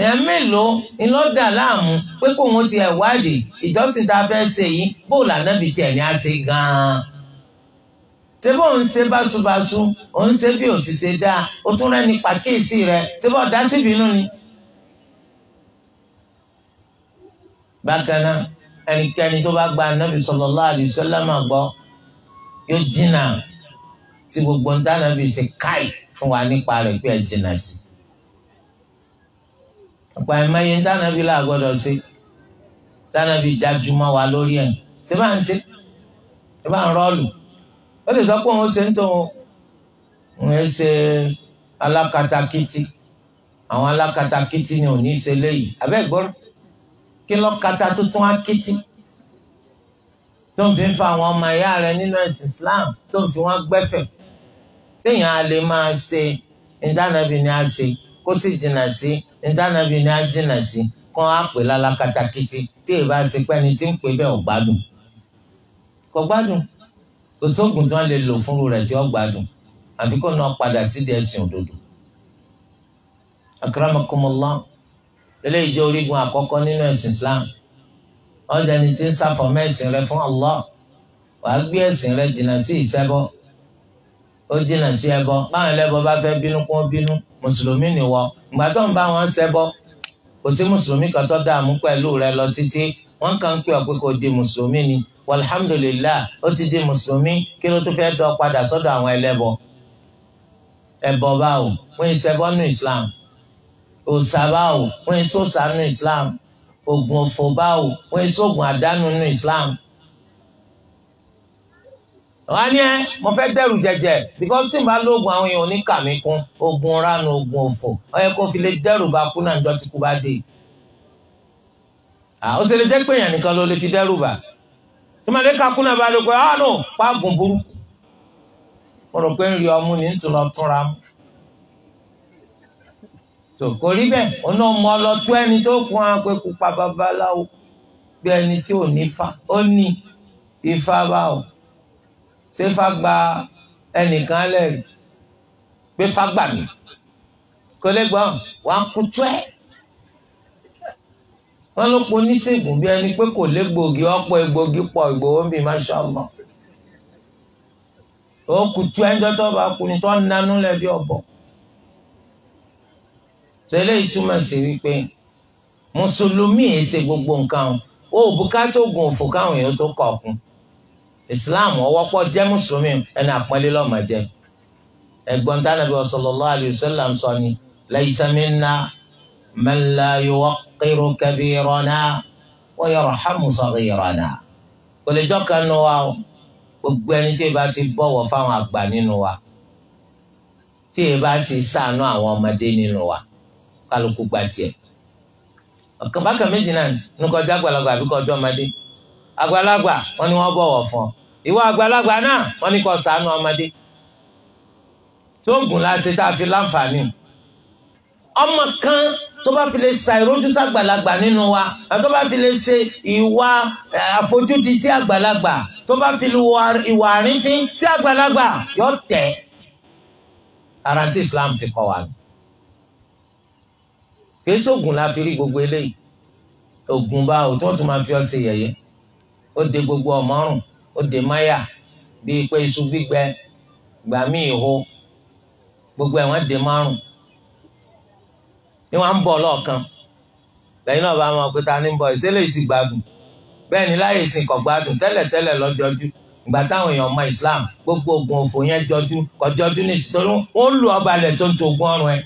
èèyàn mélòó ńlọ́dà láàmú pé kó wọn ti ẹ̀wádìí ìjọsìn tá a fẹ́ ṣe yìí bó lànàbì tiẹ̀ ní a ṣe gan-an. ṣé bó ń ṣe báṣubàṣu ò ń ṣe bí ò ti ṣe dáa o tún rẹ́ni pàkíyèsí rẹ ṣé bó dá síbi inú ni. bákan náà ẹnikẹ́ni tó bá gba anábì sallallahu alaihi wasallam gbọ́ yóò jìnnà tí gbogbo ń tá anábì ṣe káì fún wa nípa rẹ̀ pé ẹ jìnnà sí i ọ̀pọ̀ àìmọye tánàbí là gbọ́dọ̀ ṣe tánàbí jájúmọ́ wa lórí ẹ̀ ṣé bá ń ṣe ṣé bá ń rọ́ọ̀lù ó lè sọ pé òun ṣe ń tó òun ẹ ṣe alákatakítí àwọn alákatakítí ni ò ní ṣe léyìí abẹ́ ìgbọ́rọ̀ kí lọ́kata tó tún á kítí tó ń fi ń fa àwọn ọmọ ìyá rẹ nínú ẹ̀sìn Islam tó ń fi wọ́n gbẹ́fẹ̀ téèyàn á lè máa ṣe ìdánàbí ni a ṣe kó sì jìnnà sí ìtànàbí ni á jìnnà sí kó á pè lálákatakítí tí ìbá ṣe pẹ́ni tí ń pè bẹ́ẹ̀ ò gbádùn kò gbádùn kò sóògùn tí wọ́n lè lò fúnru rẹ̀ tí ó gbádùn àfi kó náà padà sídìí ẹ̀sìn òdodo. akramakumullah eléyìí jẹ́ orígun àkọ́kọ́ nínú ẹ̀sìn Islam ọ̀dẹni tí ń ṣàfọ̀mọ́ ẹ̀sìn rẹ fún Allah wàá gbé ẹ̀sìn rẹ jìnnà sí ìṣẹ́bọ ó jìnnà sí ẹbọ báwọn ẹlẹ́bọ bá fẹ́ bínú kún bínú mùsùlùmí nìwọ ìgbà tó ń bá wọn ṣẹbọ kò sí mùsùlùmí kan tó dààmú pẹ̀lú rẹ lọ títí wọn kàn ń pè kò di mùsùlùmí ni walhamdulillah ó ti di mùsùlùmí kí ló tó fẹ́ dọ̀ padà sọ́dọ̀ àwọn ẹlẹ́bọ ẹbọ báwo wọn ìṣẹbọ nù islam òòṣà báwo wọn ìṣòṣà nù islam ògùn òfò báwo wọn ìṣògùn àdánù nù islam wọ́n á ní ẹ mo fẹ́ dẹ̀rù jẹjẹ because tí n bá lóògùn àwọn èèyàn ní kàmí kún ogun ránu ogun òfò ó yẹ kó fi lè dẹ̀rù bá kú náà njọ́ tí kú bá dé ó sì lè jẹ́ pé èèyàn nìkan ló lè fi dẹ̀rù bá tí màá lè ka kú náà bá lè pé ah no pàgùn burúkú mo rò pé ń rí ọmú ni ń tún lọ túnra mú tò kò rí bẹ́ẹ̀ ọ̀nà ọmọ ọlọ́tún ẹni tó kún á pé kú pa babaláwo bí ẹni tí ò ní fa ó ní ifá báwo ṣé fagba ẹnìkan lẹ́rìí pé fagba mi kò lè gbọ́n wàá kú tíwẹ́ wọ́n ló pọ̀ oníṣègùn bí ẹni pé kò lè gbòógì ọ̀pọ̀ egbòogi pọ̀ Ìgbòho ń bì masha Allah ó kú tíwẹ́ ẹjọ́ tó bá kú ni tó ń nanú lẹ́bi ọ̀bọ̀ tẹ́lẹ̀ ìtumọ̀ sí wípé mùsùlùmí ẹ̀ ṣe gbogbo nǹkan o ò bùkátà oògùn òfò káwọn èèyàn tó kọ̀ ọ̀kun islam ọwọ́pọ̀ jẹ́ mùsùlùmí ẹni àpọ́nlé lọ́mọ jẹ́ ẹgbọ́n tí anabi sallallahu alayhi wa sallam sọ ni laysa minna man la yuwaqqiru kabirana wa yarhamu saghirana kò lè jọ́ka nù wa o gbogbo ẹni tí ìbá ti bọ̀wọ̀ fáwọn àgbà nínú wa tí ìbá sì ṣàánú àwọn ọmọdé nínú wa kálukú gba tiẹ̀ bákan méjì náà nukọjá àgbàlagbà àbíkọjọ́ ọmọdé àgbàlagbà wọ́n ní wọ́n bọ̀wọ̀ fún ọ ìwọ àgbàlagbà náà wọ́n ní kó ṣàánú ọmọdé tó gùn láti tá a fi láǹfààní ọmọ kan tó bá fi lè sa ìrójú sàgbàlagbà nínú wa tó bá fi lè ṣe ìwà àfojúdi sí àgbàlagbà tó bá fi lè ìwà àrífín sí àgbàlagbà yóò tẹ ara tí Islam fi kọ́ wa kì í ṣoògùn la fi rí gbogbo eléyìí oògùn bá òtún ọtún máa fi ọ ṣe yẹ̀yẹ́ ó de gbogbo ọmọrùn ó de máyà bíi pé iṣu gbígbẹ gbà mí ìhó gbogbo ẹ̀ wọ́n de márùn ni wọ́n ń bọ̀ lọ́ọ̀kan lẹ́yìn náà bá wọn pété ní bọ̀ ìṣẹ̀lẹ̀ ìsì gbádùn bẹ́ẹ̀ ni láyé ìsìn kọ̀ gbádùn ìgbà táwọn èèyàn ọmọ Islam gbogbo ogun òfò yẹn jọjú kọjọjú ní ìsìtọ́jú wọ́n ń lu ọba alẹ̀ tó ń to ogun ọrùn ẹ̀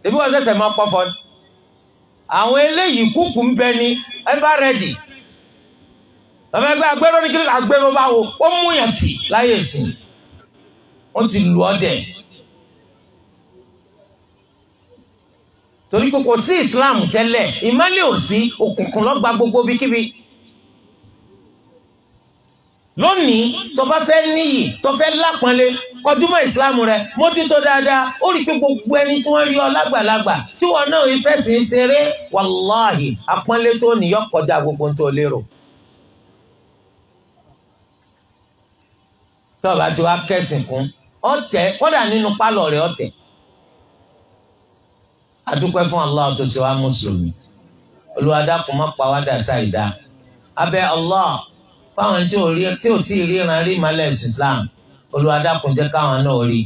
ṣèbí wọ́n ṣẹ̀ṣẹ̀ máa pọ́fọ́ àwọn eléyìí kúkú ń bẹ ní ẹ bá rẹ̀ bàbá ẹgbẹ́ agbẹ́rọ ní kílíkì agbẹ́rọ bá wo ó mú yàn tì láyé ìsìn wọ́n ti lù ọ́ dẹ̀. torí kò sí Islam tẹ́lẹ̀ ìmọ́lẹ̀ ò sí òkùnkùn lọ́gba gbogbo bíkíbi lónìí tó bá fẹ́ níyì tó fẹ́ lápọ́nlé kọjúmọ́ ìsìláàmù rẹ mójútó dáadáa ó rí pé gbogbo ẹni tí wọ́n rí ọ lágbàlagbà tí wọn náà rí fẹ̀sìn ṣeré wàláhì àpọ́nlé tó níyọ́ kọjá gbogbo tó lérò. tó o bá ti wá kẹ́sìn kún ọ̀tẹ̀ kódà nínú pálọ̀ rẹ̀ ọ̀tẹ̀ adúpẹ́ fún Allah tó ṣe wá mùsùlùmí Olúwa dákun má pa wá dà sáìdá abẹ́ Allah fáwọn tí ò tí ì ríran rí malẹ̀ Islam Olúwa dákun jẹ́ káwọn náà rí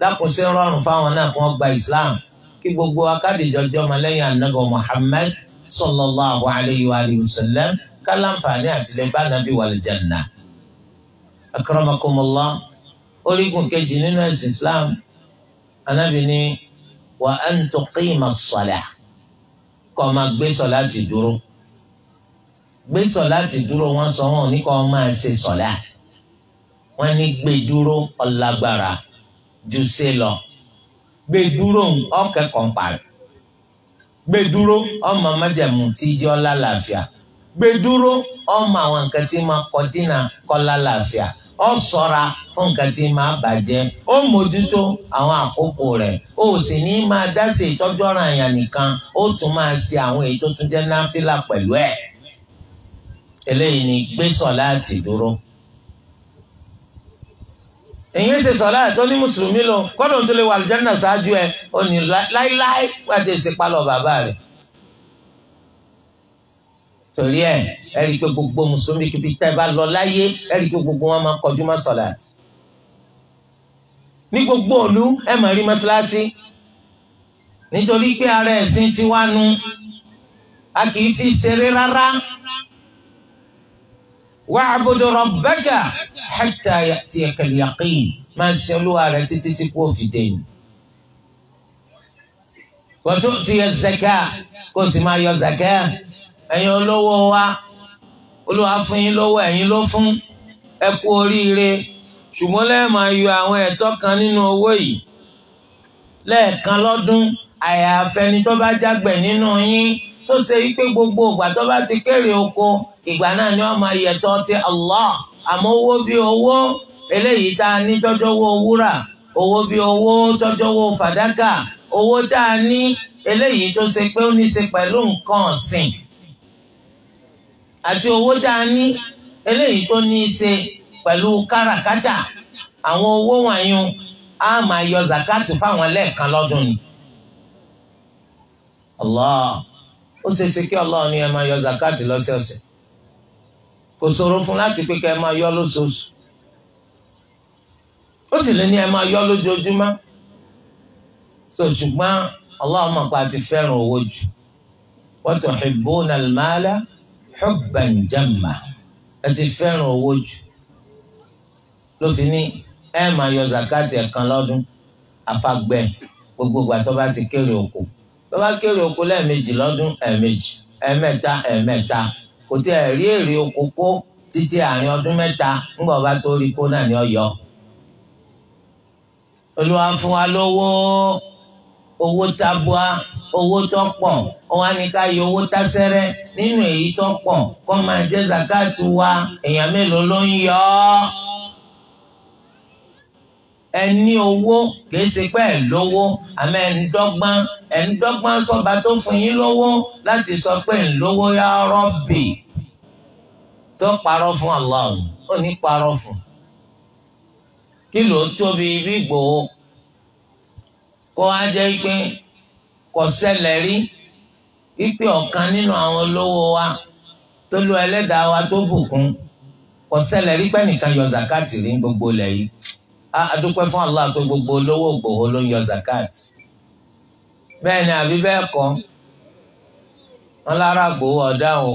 dákun ṣe rọrùn fáwọn náà kí wọ́n gba Islam kí gbogbo akádìjọjọ́ ọmọlẹ́yìn anabi Muhammad sallallahu alayhi wa sallam kálánfààní àtìlẹ́gbẹ́ anabi wàlìjànà akramakumullah orígun kejì nínú ẹ̀sìn islam anábì ní wa an tuqima as-salah kọ́ máa gbé sọ̀láàtì dúró gbé sọ̀láàtì dúró wọ́n sọ wọn ní kọ́ máa ṣe sọ̀lá wọ́n ní gbé dúró ọ̀làgbára ju ṣe lọ gbé dúró ọ̀kẹ́kọ̀ọ́ parí gbé dúró ọmọ májẹ̀mú tí jẹ́ ọ̀làlàáfíà gbé dúró ọmọ àwọn nǹkan tí máa kọ́ dínà kọ́ lálàáfíà ọ ṣọ́ra fún nǹkan tí máa bàjẹ́ ó mójútó àwọn àkókò rẹ̀ ó sì ní máa dá sí ìtọ́jú ọ̀ràn àyàn nìkan ó tún máa ṣe àwọn èyí tó tún jẹ́ náfìlà pẹ̀lú ẹ̀ eléyìí ni gbé sọ̀láàtì dúró èyí ṣe sọ̀lá ẹ̀ tó ní mùsùlùmí lò kọ́dọ̀ tó lè wà àlùjánnà ṣáájú ẹ̀ ó ní láíláí wá ti ṣe bàbá rẹ̀ torí ẹ ẹ rí i pé gbogbo mùsùlùmí kìbi tẹ́ ẹ bá lọ láyé ẹ rí i pé gbogbo wọn máa kọjú mọ́ sọ̀làt ní gbogbo òlu ẹ máa rí mọ́ṣáláṣí nítorí pé ara ẹ̀sìn ti wá nu a kì í fi ṣeré rárá wa'budu rabbaka hatta ya'tiyaka al-yaqin máa ń ṣe olúwa rẹ títí tí kò fi dé ni wa tu'tiya az-zakah kó o sì máa yọ zakah ẹ̀yin olówó wa olúwa fún yín lówó ẹ̀yin ló fún ẹ kú oríire ṣùgbọ́n lẹ́ẹ̀ máa yọ àwọn ẹ̀tọ́ kan nínú owó yìí lẹ́ẹ̀kan lọ́dún àyàfẹ́ni tó bá jágbẹ̀ nínú yín tó ṣe wípé gbogbo ìgbà tó bá ti kéré oko ìgbà náà ni wọ́n máa yẹ̀tọ́ ti Allah àmọ́ owó bí owó eléyìí tá a ní tọ́jọ́ owó wúrà owó bí owó tọ́jọ́ owó fàdákà owó tá a ní eléyìí tó ṣe pé ó ní í ṣe pẹ̀lú nǹkan ọ̀sìn àti owó tá a ní eléyìí tó ní í ṣe pẹ̀lú káràkátà àwọn owó wọ̀nyún á máa yọ zakatu fáwọn lẹ́ẹ̀kan lọ́dún ni. Allah ó ṣe ṣe kí Allah ní ẹ máa yọ zakatu lọ́sẹ̀ọ̀sẹ̀ kò ṣòro fún láti pé kẹ́ ẹ máa yọ lóṣooṣù ó sì lè ní ẹ máa yọ lójoojúmọ́ so ṣùgbọ́n Allah mọ̀ pé ti fẹ́ràn owó jù wa tuhibbuna al-mala hubban jamma ẹ ti fẹ́ràn owó jù ló fi ní ẹ máa yọ zakati ẹ̀kan lọ́dún afagbẹ́ gbogbo ìgbà tó bá ti kéré oko tó bá kéré oko lẹ́ẹ̀mejì lọ́dún ẹ̀ẹ̀mejì ẹ̀ẹ̀mẹ́ta ẹ̀ẹ̀mẹ́ta kò tí ẹ̀ rí èrè oko kó títí àárín ọdún mẹ́ta ńgbà bá tó rí kó náà ní ọ̀yọ́ olúwa fún wa lówó owó tabua owó tó pọ̀ wọn ni ká yọ owó tásẹ́rẹ́ nínú èyí tó pọ̀ kó máa jẹ́ zakatu wa èèyàn mélòó ló ń yọ ọ́ ẹni owó kìí ṣe pé ẹ lówó àmọ́ ẹ ń dọ́gbọ́n ẹ ń dọ́gbọ́n sọba tó fún yín lówó láti sọ pé ń yá rọbì tó parọ́ fún Allah ò ní parọ́ fún kí ló tóbi bí gbòó kó wá jẹ́ pé kò ṣẹlẹ̀ rí wípé ọ̀kan nínú àwọn olówó wa tó lo ẹlẹ́dàá wa tó bùkún kò ṣẹlẹ̀ rí pé nìkan yọ zakati rí gbogbo ilẹ̀ yìí a adúpẹ́ fún Allah pé gbogbo olówó Ìgbòho ló ń yọ zakati bẹ́ẹ̀ ni àbí bẹ́ẹ̀ kọ́ wọn lára Ìgbòho ọ̀dá o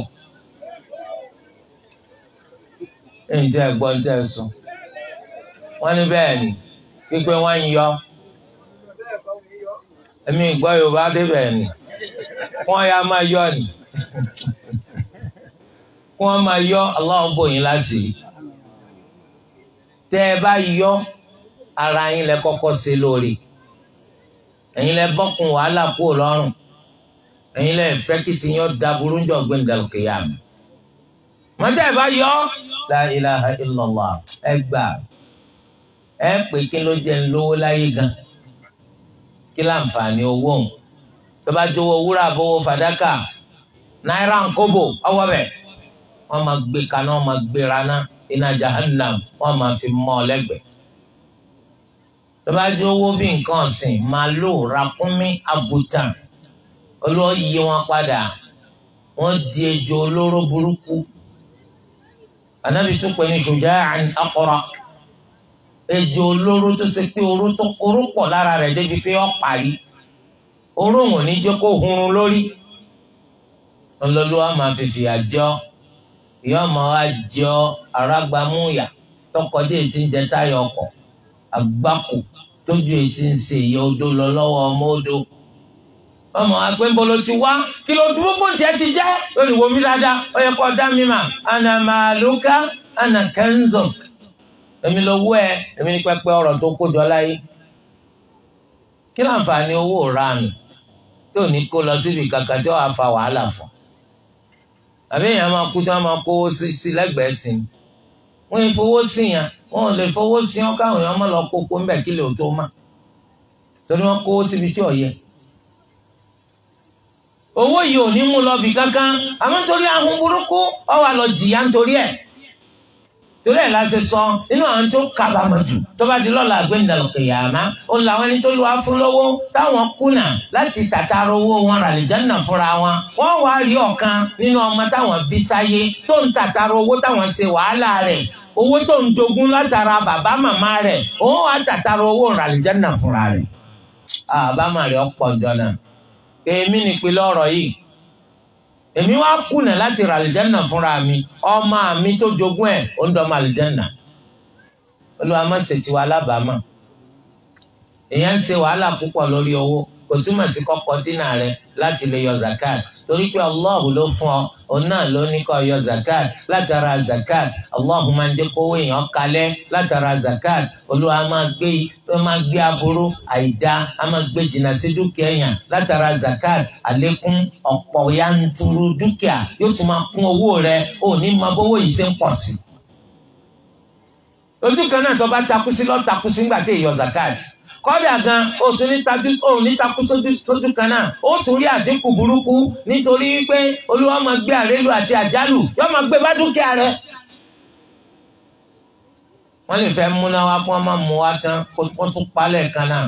èyí tẹ́ ẹ gbọ́ tẹ́ ẹ sùn wọ́n ní bẹ́ẹ̀ ni pípé wọ́n ń yọ. èmi ìgbọ́ yorùbá débẹ̀ ni wọ́n yá máa yọ ni wọ́n máa yọ aláwọ̀ bòyìn láṣìírí tẹ́ ẹ bá yọ ara yín lẹ kọ́kọ́ ṣe lórí ẹ̀yin lẹ bọ́kùn wàhálà kú lọ́rùn ẹ̀yin lẹ fẹ́ kí ti yọ da burújọ gbẹ̀ndàlùkìyà mi mọ́tẹ́ ẹ bá yọ la ilaha illallah ẹ gbà ẹ pé kí ló jẹ́ ń lówó láyé gan-an kí láǹfààní owó òun tó bá jówó wúrà bówó fàdákà náírà ń kóbò ọwọ́ bẹ̀ wọ́n máa gbé kaná wọ́n máa gbé raná iná jahannam wọ́n máa fi mọ́ ọ lẹ́gbẹ̀ẹ́ tó bá jówó bí nǹkan ọ̀sìn màálù ràkúnmí àgùtàn olóò yí wọn padà wọ́n di ejò olóró burúkú anabi ní ṣùjáàn akọrọ ejò olóró tó ṣe pé oró tó oró pọ̀ lára rẹ̀ débi pé ó parí oró wọn ní jẹ́ kó hunrun lórí olólùwà máa fìfì àjọ ìyá ọmọ wa jọ arágbámúyà tọkọdé ètí ń jẹ táyà ọkọ àgbákò tójú ètí ń ṣe ìyá odó lọ lọ́wọ́ ọmọ odó ọmọ agbẹ́nbolo ti wá kí ló dúró bó tiẹ̀ ti jẹ́ olùwòmí dáadáa ó yẹ kó dá mi mà ànàmàlúkà èmi lówó ẹ èmi ní pẹpẹ ọrọ̀ tó kójọ láyé kí láǹfààní owó ránù tó ní kó lọ síbi kankan tí wàá fa wàhálà fún àbí èèyàn máa kú tí wọn máa kówó sí lẹ́gbẹ̀ẹ́ sí ni wọn yìí fowó sí yẹn wọn ò lè fowó sí ọ káwọn èèyàn máa lọ kókó ńbẹ kí lè tó má torí wọn kówó síbi tí ò owó yìí ò ní mú lọ bì kankan àmọ́ nítorí ahun burúkú ọ wà lọ jìyà nítorí ẹ̀ torí ẹ̀ la ṣe sọ inú àwọn tó kábàámọ̀ jù tó di lọ́la àgbẹ̀ndà lọ́kẹ̀ yàrá ó la wọn ẹni tó lu afúnlọ́wọ́ táwọn kùnà láti tàtàrà owó wọn ràlìjánà fúnra wọn wọ́n wá rí ọ̀kan nínú ọmọ táwọn bí sáyé tó ń tàtàrà owó táwọn ṣe wàhálà rẹ̀ owó tó ń jogún látara bàbá màmá rẹ̀ òun wá tàtàrà owó ràlìjánà fúnra rẹ̀ àbámọ̀ rẹ̀ ọ̀pọ̀ jọ èmi nìpínlẹ̀ èmi wá kùnà láti ra àlìjánà fúnra mi ọmọ mi tó jogún ẹ̀ ó ń dọ́mọ àlìjánà olúwa má ṣe tiwa alábàámà èèyàn ń ṣe wàhálà púpọ̀ lórí owó kò túmọ̀ sí kọ́kọ́ dínà rẹ láti lè yọ zakat torí pé Allahu ló fún ọ òun náà ló ní kó yọ zakat látara zakat Allahu máa ń jẹ́ owó èèyàn kalẹ̀ látara zakat olúwa máa gbé máa gbé aburú àìdá a máa gbé jìnnà sí dúkìá èèyàn látara zakat àlékún ọ̀pọ̀ yanturu dúkìá yóò tún máa kún owó rẹ ò ní máa bówó yìí ṣe ń pọ̀ sí. ojú kan náà tó bá takú lọ́ọ́ takú ńgbà tí èèyàn zakat. kọ́dà gan o tún ní tajú o ní takú sójú kan náà o tún rí àdínkù burúkú nítorí pé olúwa máa gbé àrélu àti àjálù yóò máa gbé bá dúkìá rẹ wọ́n lè fẹ́ múná wá kí wọ́n má mú wá tán kó tún palẹ̀ kan náà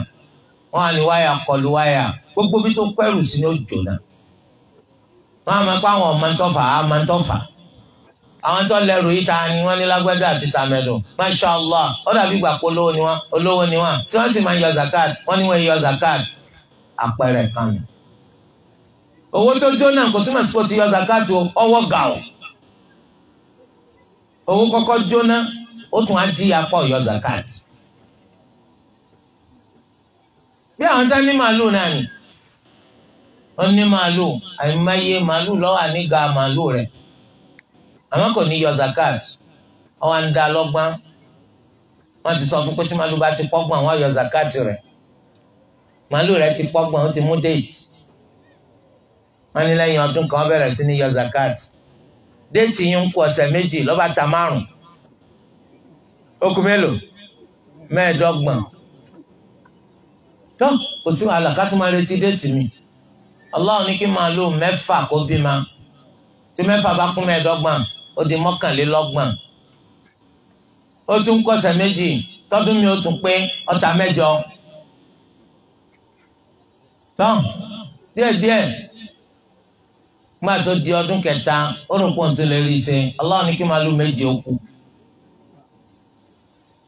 wọ́n á ní wáyà kọlu wáyà gbogbo bí tó pẹ́rù sí ni ó jò náà wọ́n á máa pa àwọn ọmọ ń tọ́fà á máa ń tọ́fà àwọn tó lẹ́rù yìí ta ni wọ́n ní lágbájá àti tàmẹ́dùn masha allah ó dàbí ìgbà pé olówó ni wọ́n olówó ni wọ́n tí wọ́n sì máa ń yọ zakat wọ́n ní wọ́n yọ zakat àpẹẹrẹ kan nù. owó tó jóná kò túmọ̀ sí pé o ti yọ zakat o ọwọ́ gà o owó kọ́kọ́ jóná ó tún á di apá ọ̀yọ́ zakat. bí àwọn tá ní màálù náà ni wọ́n ní màálù àìmáyé màálù lọ́wọ́ àníga màálù rẹ̀ àmọ́ kò ní yọ zakat àwọn à ń da lọ́gbọ́n wọ́n ti sọ fún pé tí màálù bá ti pọ́gbọ̀n wọ́n yọ zakat rẹ̀ màálù rẹ̀ ti pọ́gbọ̀n ó ti mú déètì wọ́n ní lẹ́yìn ọdún kan wọ́n bẹ̀rẹ̀ sí ní yọ zakat déètì yín ń kú ọ̀sẹ̀ méjì lọ́ba ta márùn ó kù mélòó mẹ́ẹ̀ẹ́dọ́gbọ̀n tó kò sí wàhálà ká tún máa retí déètì mi Allah ní kí màálù mẹ́fà kó bí ma tí mẹ́fà bá kún mẹ́ẹ̀ẹ́dọ́gbọ̀n ó di mọ́kànlélọ́gbọ̀n ó tún kọ̀sẹ̀ méjì tọ́dún mi ó tún pé ọ̀tá mẹ́jọ tán díẹ̀díẹ̀ gbà tó di ọdún kẹta ó rò pọ̀ tó lè rí i ṣe Allah ní kí màálù méje ó kú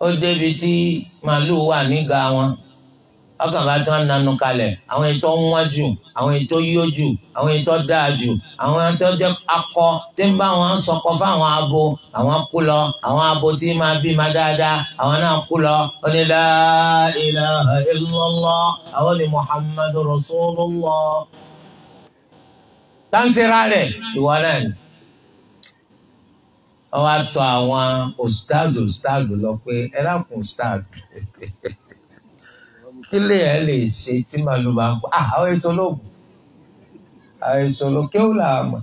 ó débi tí màálù wà nígà wọn ọkànlá tí wọn nanu kalẹ̀ àwọn ètò wọn jù àwọn ètò yíyó jù àwọn ètò dáa jù àwọn ètò jẹ akọ tí ń bá wọn sọkọ fáwọn abo àwọn kú lọ àwọn abo tí máa bí ma dáadáa àwọn náà kú lọ onílà ilaha illallah àwọn ni muhammadu rasulullah. táǹsìrà rẹ̀ ìwọ náà ni wọ́n wá tọ̀ àwọn ustaz ustaz lọ pé ẹ lákùn ustaz. kílè ẹ lè ṣe tí màálù bá ń pa àwọn èso lóògùn àwọn èso ló kéwù làmọ.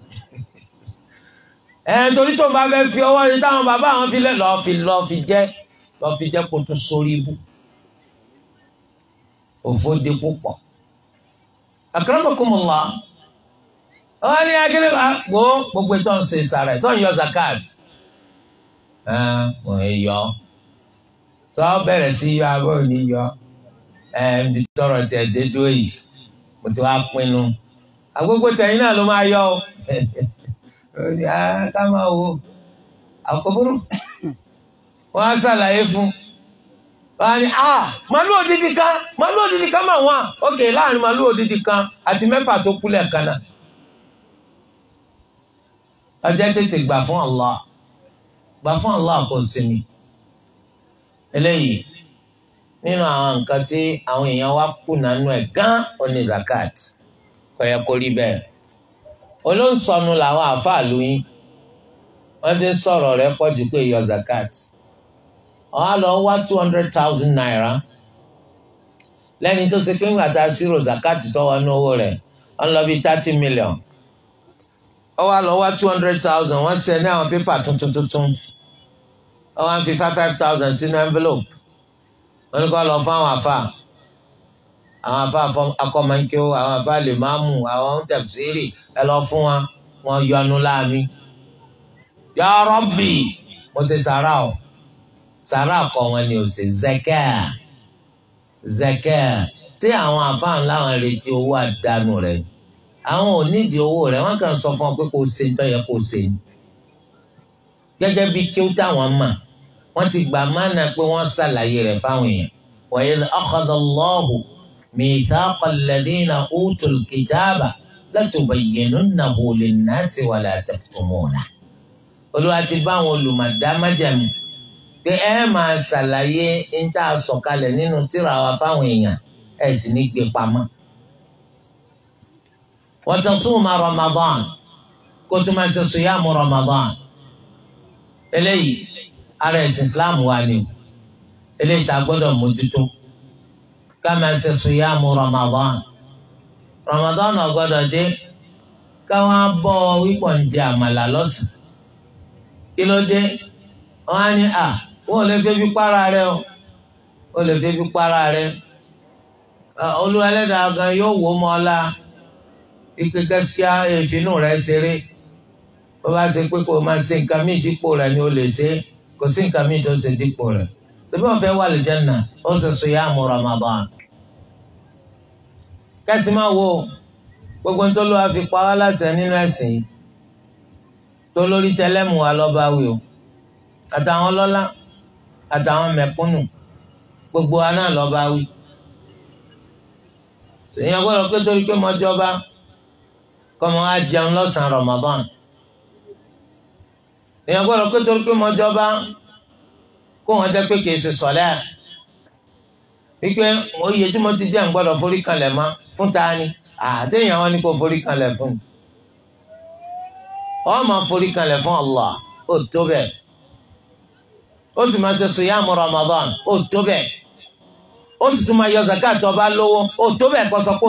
ẹ torí tó bá fẹ́ fi ọwọ́ yìí táwọn bàbá àwọn fi lẹ́ lọ́ọ́ fi lọ́ọ́ fi jẹ́ lọ́ọ́ fi jẹ́ kó tún sórí ibú òfò di púpọ̀. akramakumullah wọ́n ní akéré wa ah, wo gbogbo ètò ọ̀sẹ̀ ìsàrẹ̀ sọ́n yọ zakat wọ́n yọ sọ bẹ̀rẹ̀ sí yọ abọ́ òní yọ ẹ ibi tọrọ tiẹ̀ dé dúró yìí mo ti wá pinnu agogo tẹ̀yìn náà ló máa yọ ọ ká máa wo àkóbúrú wọn á ṣàlàyé fún wọn á ní à màálù òdìdí kan màálù òdìdí kan mà wọn òkè láàrin màálù òdìdí kan àti mẹ́fà tó kú lẹ́ẹ̀kan náà ọjọ́ tètè gbà fún Allah gbà fún Allah kò sinmi eléyìí nínú àwọn nǹkan tí àwọn èèyàn wa kùnà nù ẹ̀ gán oní zakat kò yẹ kó rí bẹ́ẹ̀ olóńsọnù làwọn àáfàá lóyún wọ́n ti sọ̀rọ̀ rẹ̀ pọ̀ jù pé yọ zakat ọ̀ á lọ wá two hundred thousand naira lẹ́ni tó ṣe pé ńgbà tá a ṣírò zakat tó wà ní owó rẹ̀ ó lọ bí thirty million ó wá lọ wá two hundred thousand wọ́n ṣe ní àwọn pépà tuntun tuntun ó wá fi five five thousand sínú envelope wọ́n ní kọ́ lọ fún àwọn afa àwọn afa akọ́mọ́nkíó àwọn afa lèmámù àwọn tẹ̀síìrì ẹ lọ fún wa wọ́n yọnu láàmì. ya Rabbi mo ṣe sàrà o sàrà kọ wọn ni o ṣe zẹkẹ zẹkẹ tí àwọn afa ńlá wọn retí owó àdánù rẹ àwọn ò nídìí owó rẹ wọn kàn sọ fún ọ pé kò ṣe ń tọ́ yẹ kó ṣe gẹ́gẹ́ bí kí ó dáwọn mọ̀ wọ́n ti gbà mánà pé wọ́n ṣàlàyé rẹ̀ fáwọn èèyàn wa idh akhadha Allahu mithaqa alladhina utul kitaba latubayyinunnahu linnasi wala taktumuna. Olúwa ti bá àwọn olùmọ̀dámájàmí pé ẹ máa ṣàlàyé ń tá sọ̀kalẹ̀ nínú tírà wa fáwọn èèyàn ẹ sì ní gbé pamọ́. wa tasuma Ramadan kó tó máa ṣe sùyàmù Ramadan eléyìí ara ẹ̀sìn islam wa ni o eléyìí tá a gbọ́dọ̀ mójútó ká máa ṣe sùyàmù ramadan ramadan ò gbọ́dọ̀ dé káwọn abọ́ wípọ̀ ń jẹ àmàlà lọ́sàn kí ló dé wọn á ní à wọn ò lè febi para rẹ o ò lè febi para rẹ olúwa ẹlẹ́dàá gan yóò wò mọ́ ọ́lá ike gẹ́síkíá èéfínú rẹ̀ ṣeré bó bá ṣe pé kó o máa ṣe nǹkan míì dípò rẹ̀ ni o lè ṣe é kò sí nǹkan mi tó ṣe dípò rẹ̀ tẹbi wọn fẹ́ wà lìjẹnà ó sì sọ yá àmú Ramadan kẹsì máa wo gbogbo ń tó lọ́wọ́ fi pa wá láṣẹ nínú ẹ̀sìn tó lórí tẹlẹ́mù wa lọ́ba wí o àtàwọn ọlọ́lá àtàwọn mẹ̀kúnnù gbogbo wa náà lọ́ba wí èèyàn gbọ́dọ̀ pé torí pé mo jọba kọ́ mo á jẹun lọ́sàn Ramadan èèyàn gbọ́dọ̀ pé torí pé mo jọba kó wọn jẹ́ pé kì í ṣe sọ̀lẹ́ wípé oyè tí mo ti jẹ́ ń gbọ́dọ̀ forí kanlẹ̀ mọ́ fún ta ni àṣé èèyàn wọn ni kò forí kanlẹ̀ fún ọ máa forí kanlẹ̀ fún Allah ó tó bẹ́ẹ̀ ó sì máa ṣe sùyàmù Ramadan ó tó bẹ́ẹ̀ ó sì tún máa yọ zakat ọba lówó ó tó bẹ́ẹ̀ kọ́ sọ pé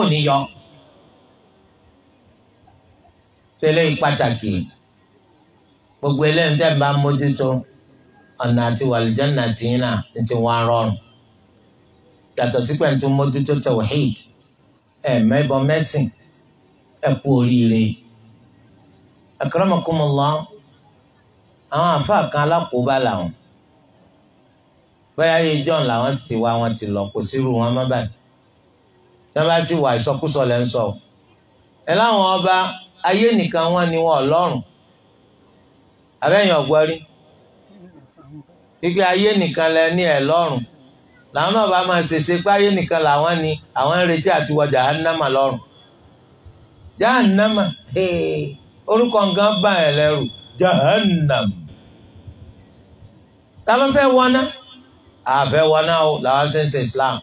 tẹ́lẹ̀ yìí pàtàkì gbogbo eléyìí tẹ́ bá mójútó ọ̀nà àti wàlìjánà tìyín náà ní ti wá rọrùn yàtọ̀ sí pẹ̀lú tó mójútó tawhid ẹ̀ mẹ́bọ mẹ́sìn ẹ̀ kú oríire akramakumullah àwọn àfáà kan alákòóbá làwọn bóyá yìí john làwọn sì ti wá wọn ti lọ kò sírú wọn má báyìí tí bá sì wà ìsọkúsọ lẹ ẹ láwọn ọba ayé nìkan wọn ni wọn Ọlọ́run abẹ́yìn ọ̀gbọ́rí gbígbé ayé nìkan lẹ ní ẹ̀ lọ́rùn làwọn náà bá máa ṣèṣe pé ayé nìkan làwọn ni àwọn ń retí àti wọ jahannama lọ́rùn jahannama orúkọ nǹkan bá ẹ̀ lẹ́rù jahannam ta ló fẹ́ wọná àfẹ́ wọná o làwọn ṣe ń ṣe Islam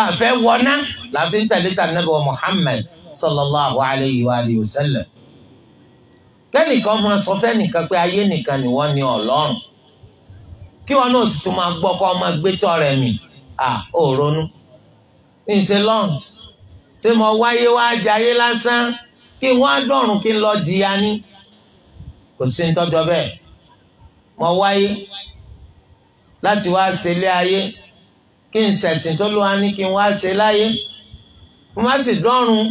àfẹ́ wọná làwọn fi ń tẹ̀lé tà Nábì Muhammad sallallahu alayhi wa sallam kẹ́nìkan máa sọ fẹ́nìkan pé ayé nìkan ni wọ́n ní ọlọ́run kí wọn náà sì tún máa gbọ́ kọ́ ọmọ gbẹ́tọ̀ rẹ̀ mi à ò ronú ní ṣe lọ́run ṣé mo wáyé wá jayé lásán kí wọ́n á dọ̀run kí n lọ jìyà ni kò sí ní tọ́jọ́ bẹ́ẹ̀ mo wáyé láti wá ṣe ilé ayé kí n ṣẹ̀sìn tó lóha ní kí n wá ṣe láyé mo má sì dọ̀run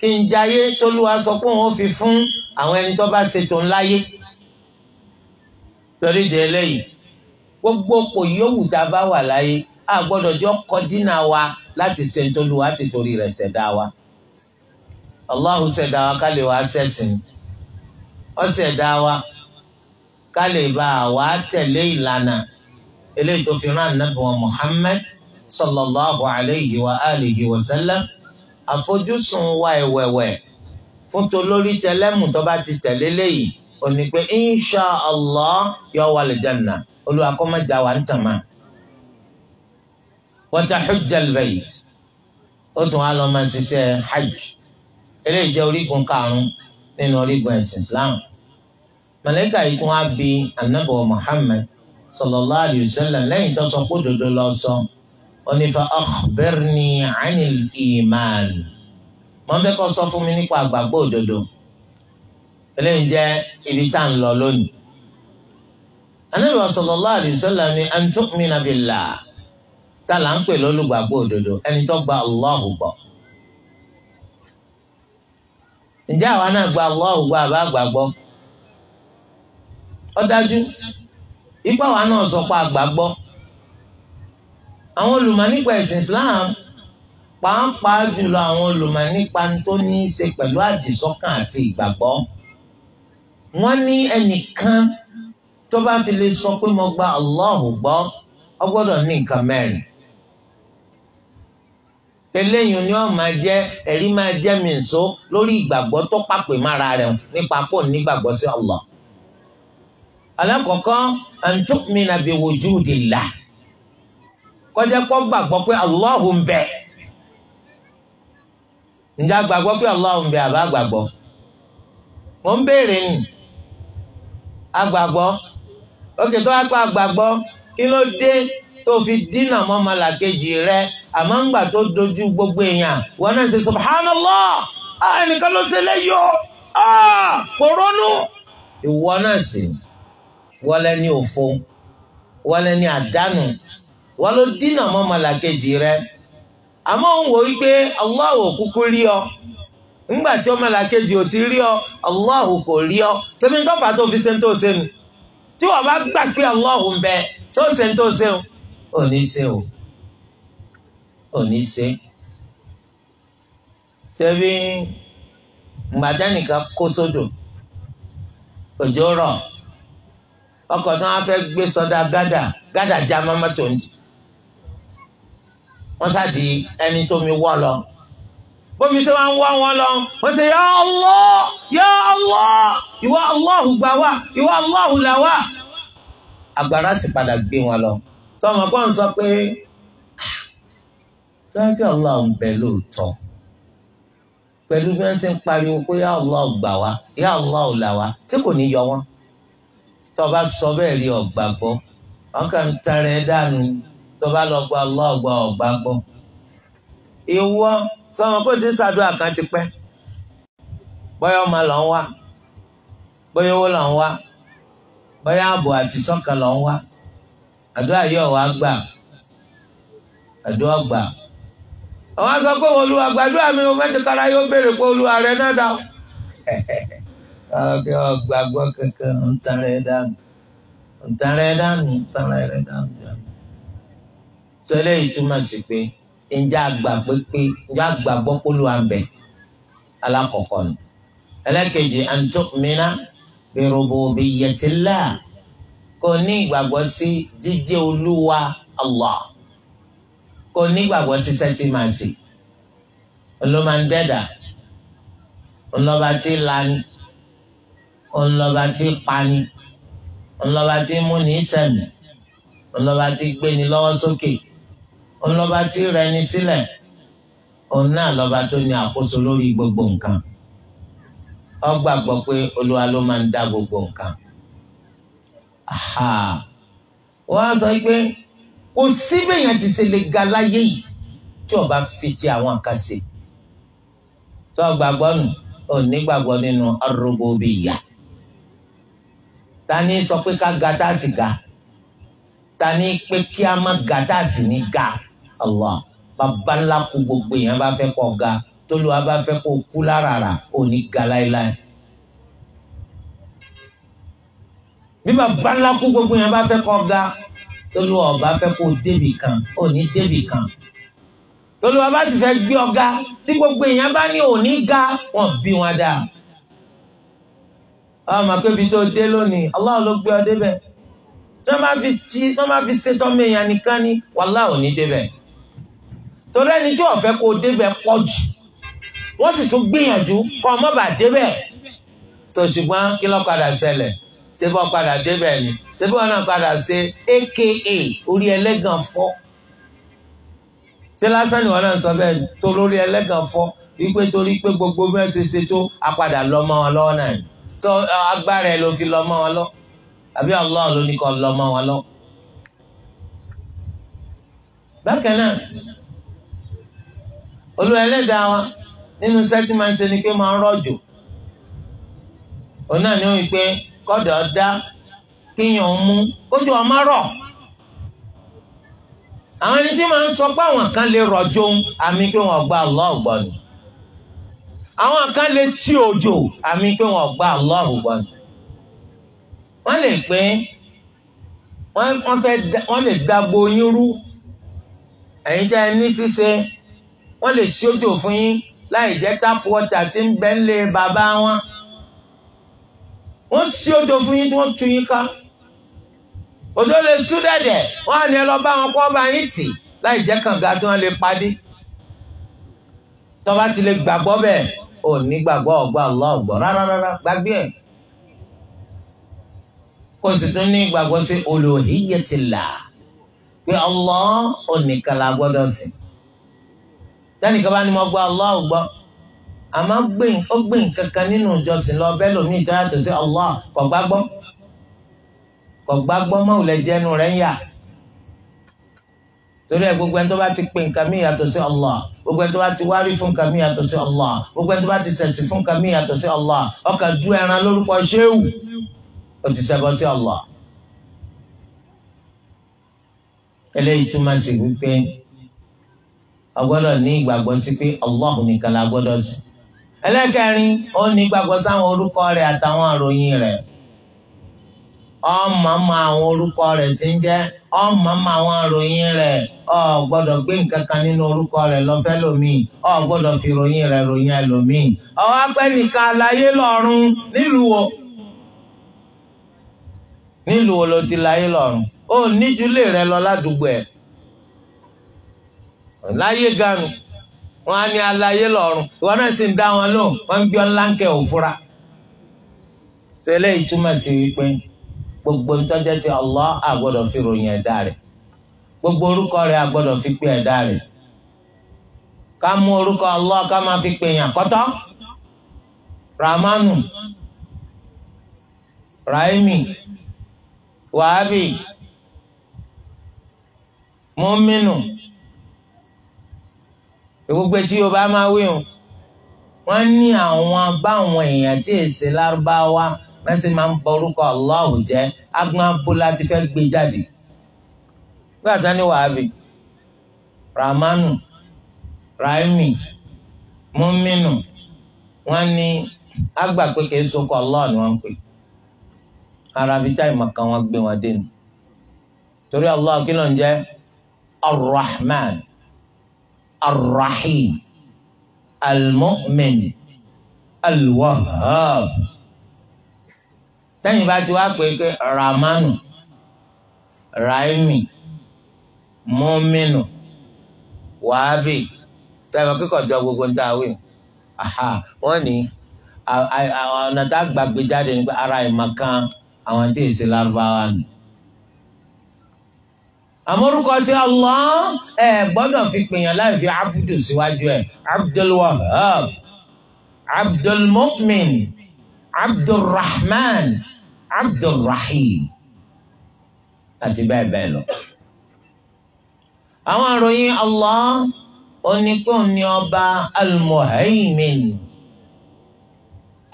kí n jayé tó lóha sọ pé òun ò fi fún àwọn ẹni tó bá ṣètò ńláyé lórí ìdè eléyìí gbogbo kò tá a bá wà láyé a gbodo jọ kọ dínà wa láti ṣe ń tolu wa ti torí rẹ̀ ṣẹ̀dá wa Allahu ṣẹ̀dá wa ká lè wá ṣẹ̀sìn ọ wa ká lè bá a wá tẹ̀lé ìlànà eléyìí tó fi rán wa sallallahu alayhi wa alihi wa sallam fún tolórí tẹlẹ́mù tó bá ti tẹ̀lé léyìí ò ní pé insha allah yóò wà lè jẹ́nà olúwa kó má jà wà ń tàn máa. wa tahujja al-bayt ó tún wá lọ máa ṣiṣẹ́ hajj eléyìí jẹ́ orígun karùn-ún nínú orígun ẹ̀sìn islam. màlẹ́kà yìí tún wá bi ànábì muhammed sallallahu alayhi wa sallam lẹ́yìn tó sọ kó dodo lọ onífa akhbirni anil iman mo ń fẹ́ kọ́ sọ fún mi nípa àgbàgbọ́ òdodo eléyìí jẹ́ ibi tá à ń lọ lónìí. anábì sallallahu alaihi wasallam ni an tu'mina billah tá là ń pè lólùgbàgbọ́ òdodo ẹni tó gba Allahu gbọ́. ǹjẹ́ àwa náà gba Allahu gbọ́ àbá àgbàgbọ́? ó dájú ipá wa náà sọ pé àgbàgbọ́. àwọn olùmọ̀ nípa ẹ̀sìn Islam pàápàá jùlọ àwọn olùmọ̀ nípa tó ní í ṣe pẹ̀lú àdìsọ́kàn àti ìgbàgbọ́ wọ́n ní ẹnìkan tó bá fi lè sọ pé mo gba Allahu gbọ́ ọ gbọ́dọ̀ ní nǹkan mẹ́rin eléyìí ni wọn máa jẹ ẹ̀rí máa jẹ mìíṣó lórí ìgbàgbọ́ tó pàpè mára rẹ̀ nípa pò nígbàgbọ́ sí Allah alákọ̀ọ́kọ́ an tu'mina bi wujudillah kọjá pọ́ gbàgbọ́ pé Allahu ń Ndị agbàgbọ́ pé Allah ń àbá agbàgbọ́ mò ń béèrè nì agbàgbọ́ òkè tó wá pa agbàgbọ́ kí ló dé tó fi dínà mọ́ ọmọlàkejì rẹ àmọ́ ńgbà tó dojú gbogbo èèyàn wọn náà ṣe subhanallah ẹnìkan ló ṣe léyò kò rónú ìwọ náà sì wọlé ní òfo wọlé ní àdánù wọn ló dínà mọ́ ọmọlàkejì rẹ. àmọ́ òun wò wípé Allah ò kúkú rí ọ ńgbà tí ọmọlàkejì ò ti rí ọ Allah kò rí ọ sẹ́mi tó fà tó fi ṣe ń tó ṣe tí wọ́n bá gbà pé Allah ń bẹ ṣe ń tó ṣe ò ní ṣe o ò ní ṣe. sẹ́mi gbàdánìkan kó sódò òjò tí wọ́n fẹ́ wọ́n di? ẹni tó mi wọ́ lọ bómi ṣe wọ́n ń wá wọn lọ wọ́n ṣe yá Allah yá Allah ìwọ Allahu gbà wá ìwọ Allahu là wá agbára sì padà gbé wọn lọ sọmọ kọ́ ń sọ pé tọ́jú Allah ń bẹ lóòótọ́ pẹ̀lú bí wọ́n ṣe ń pariwo pé yá Allah gbà wá yá Allah là wá tí kò ní yọ wọn tọ́ ọ bá sọ bẹ́ẹ̀ rí ọ̀gbàgbọ́ ọkàn ń dànù tó bá lọ gba Allah gba ọ̀gbá gbọ́. ìwọ sọmọ kó ti ṣàdúrà kan ti pẹ́ bóyá ọmọ lọ ń wá bóyá owó lọ ń wá bóyá ààbò àti sọ́kàn lọ ń wá àdúrà yóò wá gbà àdúrà gbà. àwọn sọ pé olúwa gbàdúrà mi ò mẹ́tì kára yóò béèrè pé olúwa rẹ̀ náà dá ọ̀gá ọ̀gbàgbọ́ kankan ń tan rẹ̀ dànù ń tan rẹ̀ dànù ń tan rẹ̀ dànù sọ eléyìí túmọ̀ sí pé ǹjẹ́ àgbà pépé ǹjẹ́ àgbà gbọ́pọ́lù àbẹ̀ alákọ̀ọ́kọ́ ni ẹlẹ́kejì an tu'mina bi rububiyyatillah kò ní ìgbàgbọ́ sí jíjẹ́ olúwa Allah kò ní ìgbàgbọ́ sí sẹ́tìmáàsì olómàndẹ́dà ńlọba tí lani ńlọba pani ńlọba tí múni sẹ́mi ńlọba tí gbéni lọ́wọ́ sókè òun lọ́ba tí ń rẹni sílẹ̀ òun náà lọ́ba tó ní àkóso lórí gbogbo nǹkan ó gbàgbọ́ pé olúwa ló máa ń dá gbogbo nǹkan wọ́n á sọ pé kò síbèèyàn ti ṣe lè ga láyé yìí tí o fi ti àwọn nǹkan ṣe tó o gbàgbọ́ nù ò ní gbàgbọ́ nínú ar-rububiyyah ta ni sọ pé ká ga tá a sì ga ta ni pé kí a má ga tá a sì ní ga allah bàbá ńlá kú gbogbo èèyàn bá fẹ́ kọ́ ga tólúwa bá fẹ́ kó kú lárara ò ní ga láéláé. bí bàbá ńlá kú gbogbo èèyàn bá fẹ́ kọ́ ga tólúwa ọba fẹ́ kó débì kan ò ní débì kan. tólúwa bá sì fẹ́ gbé ọ̀gá tí gbogbo èèyàn bá ní ò ní ga wọ́n bí wọn dá. àwọn màkébí tó dé lónìí Allah ló gbé ọ débẹ̀ tí wọ́n bá fi ṣe tọ́mọ èèyàn nìkan ni wàhálà ò ní débẹ̀ torí ẹni tí wọ́n fẹ́ kó débẹ̀ pọ̀ jù wọ́n sì tún gbìyànjú kọ́ ọ mọ́bà débẹ̀ so ṣùgbọ́n kí ló padà ṣẹlẹ̀ ṣé bọ́ padà débẹ̀ ni ṣé bọ́ náà padà ṣe aka orí ẹlẹ́gàn fọ́ ṣé lásán ni wọ́n náà sọ bẹ́ẹ̀ tó lórí ẹlẹ́gàn fọ́ wípé torí pé gbogbo bẹ́ẹ̀ ṣe ṣe tó apadà lọ mọ́ wọn lọ́wọ́ náà ni so agbára ẹ ló fi lọ wọn lọ àbí Allah ló ní kọ́ lọ mọ́ wọn lọ. bákan náà olúwa ẹlẹ́dàá wa nínú sẹ́tí máa ń ṣe ni pé máa ń rọ̀jò òun náà ni ó wí pé kọ́dọ̀ dá kíyàn mú kójú ọmọ rọ̀ àwọn ẹni tí máa ń sọ pé àwọn kan lè rọ̀jò àmì pé wọ́n gba Allah gbọ́ ni àwọn kan lè tí òjò àmì pé wọ́n gba Allah gbọ́ ni wọ́n lè pé wọ́n lè dagbo yín rú ẹ̀yin jẹ́ ní ṣíṣe wọ́n lè ṣí òjò fún yín láì jẹ́ tap water tí ń bẹ nílé bàbá wọn wọ́n ṣí òjò fún yín tí wọ́n tú yín ká òjò lè ṣú dẹ̀dẹ̀ wọ́n á ní ẹ lọ bá wọn kọ́ bá yín tì láì jẹ́ kànga tí wọ́n lè padì tọ́ba ti lè gbàgbọ́ bẹ́ẹ̀ ò ní gbàgbọ́ ọ̀gbọ́ àlọ́ ọ̀gbọ́ rárá rárá gbàgbé ẹ̀ kó sì tún ní gbàgbọ́ sí olùhíyẹ̀tìlá pé Allah ònìkan la gbọ́dọ̀ sìn tẹ́nìkan bá ní mo gbọ́ Allah gbọ́ àmọ́ ó gbé nǹkan kan nínú ìjọsìn lọ bẹ́ẹ̀ lómi ìjọ yàtọ̀ sí Allah kò gbàgbọ́ kò gbàgbọ́ mọ́ òlẹ̀ jẹnu rẹ̀ ń yà torí ẹ gbogbo ẹni tó bá ti pe nǹkan mí yàtọ̀ sí Allah gbogbo ẹni tó bá ti wárí fún nǹkan mí yàtọ̀ sí Allah gbogbo ẹni tó bá ti sẹ̀sì fún nǹkan mí yàtọ̀ sí Allah ọkà ju ẹran lórúkọ ṣéwù ó ti ṣẹbọ sí Allah eléyìí túmọ̀ sí wípé a gbọ́dọ̀ ní ìgbàgbọ́ sí pé Allah nìkan la gbọ́dọ̀ sí. ẹlẹ́kẹrin ó ní ìgbàgbọ́ sáwọn orúkọ rẹ̀ àtàwọn àròyìn rẹ̀ ọmọ ọmọ àwọn orúkọ rẹ̀ ti ń jẹ́ ọmọ ọmọ àwọn àròyìn rẹ̀ ọ gbọ́dọ̀ gbé nǹkan kan nínú orúkọ rẹ̀ lọ́fẹ́ lòmíì ọ gbọ́dọ̀ fi ròyìn rẹ̀ ròyìn ẹlòmíì ọwọ́ pẹ́ nìkan aláyé lọ́run nílùú wo nílùú wo ló ti láyé lọ́run ó níjúlé rẹ̀ lọ ládùúgbò ẹ̀ láyé ganu wọn á ní aláyé lọ́run ìwọ náà sì ń dá wọn lò wọn ń gbé ọ láǹkẹ òfura tó eléyìí sí wípé gbogbo ntọ́jẹ́ ti Allah àgbọ́dọ̀ fi ròyìn ẹ̀dá rẹ̀ gbogbo orúkọ rẹ̀ àgbọ́dọ̀ fi pé ẹ̀dá rẹ̀ ká mú orúkọ Allah ká máa fi pè yàn kọ́tọ́ Ramanu Raimi Wahabi Muminu gbogbo tí yorùbá máa wí o wọ́n ní àwọn báwọn èèyàn tí èsè lárúbáwá wọ́n sì máa ń borúkọ Allah jẹ́ agbọn abúlá ti gbé jáde gbàtà ní wàhábì ramanu raimi muminu wọ́n ní àgbà pé kì í sokọ Allah ni wọ́n ń pè arabita ìmọ̀kan wọn gbé wọn dé torí Allah kí ló ń jẹ́ Ar-Rahman arrahim almu'min alwahab tẹ́yìn bá ti wá pé pé ramanu raimi mọ́mínù wàábì sẹ́yìn kíkọ̀ jọ gbogbo ń tàwé wọ́n ní ọ̀nà tá a gbàgbé jáde nípa ara ìmọ̀ kan àwọn tí ì ṣe lárúbáwá nù àmọ́rúkọ tí Allah ẹ gbọ́dọ̀ fi pèèyàn láì fi abudu síwájú ẹ̀ abdulwahab abdulmukmin abdulrahman abdulrahim àti bẹ́ẹ̀ bẹ́ẹ̀ lọ. àwọn àròyìn Allah oníkóni ọba almuhaimin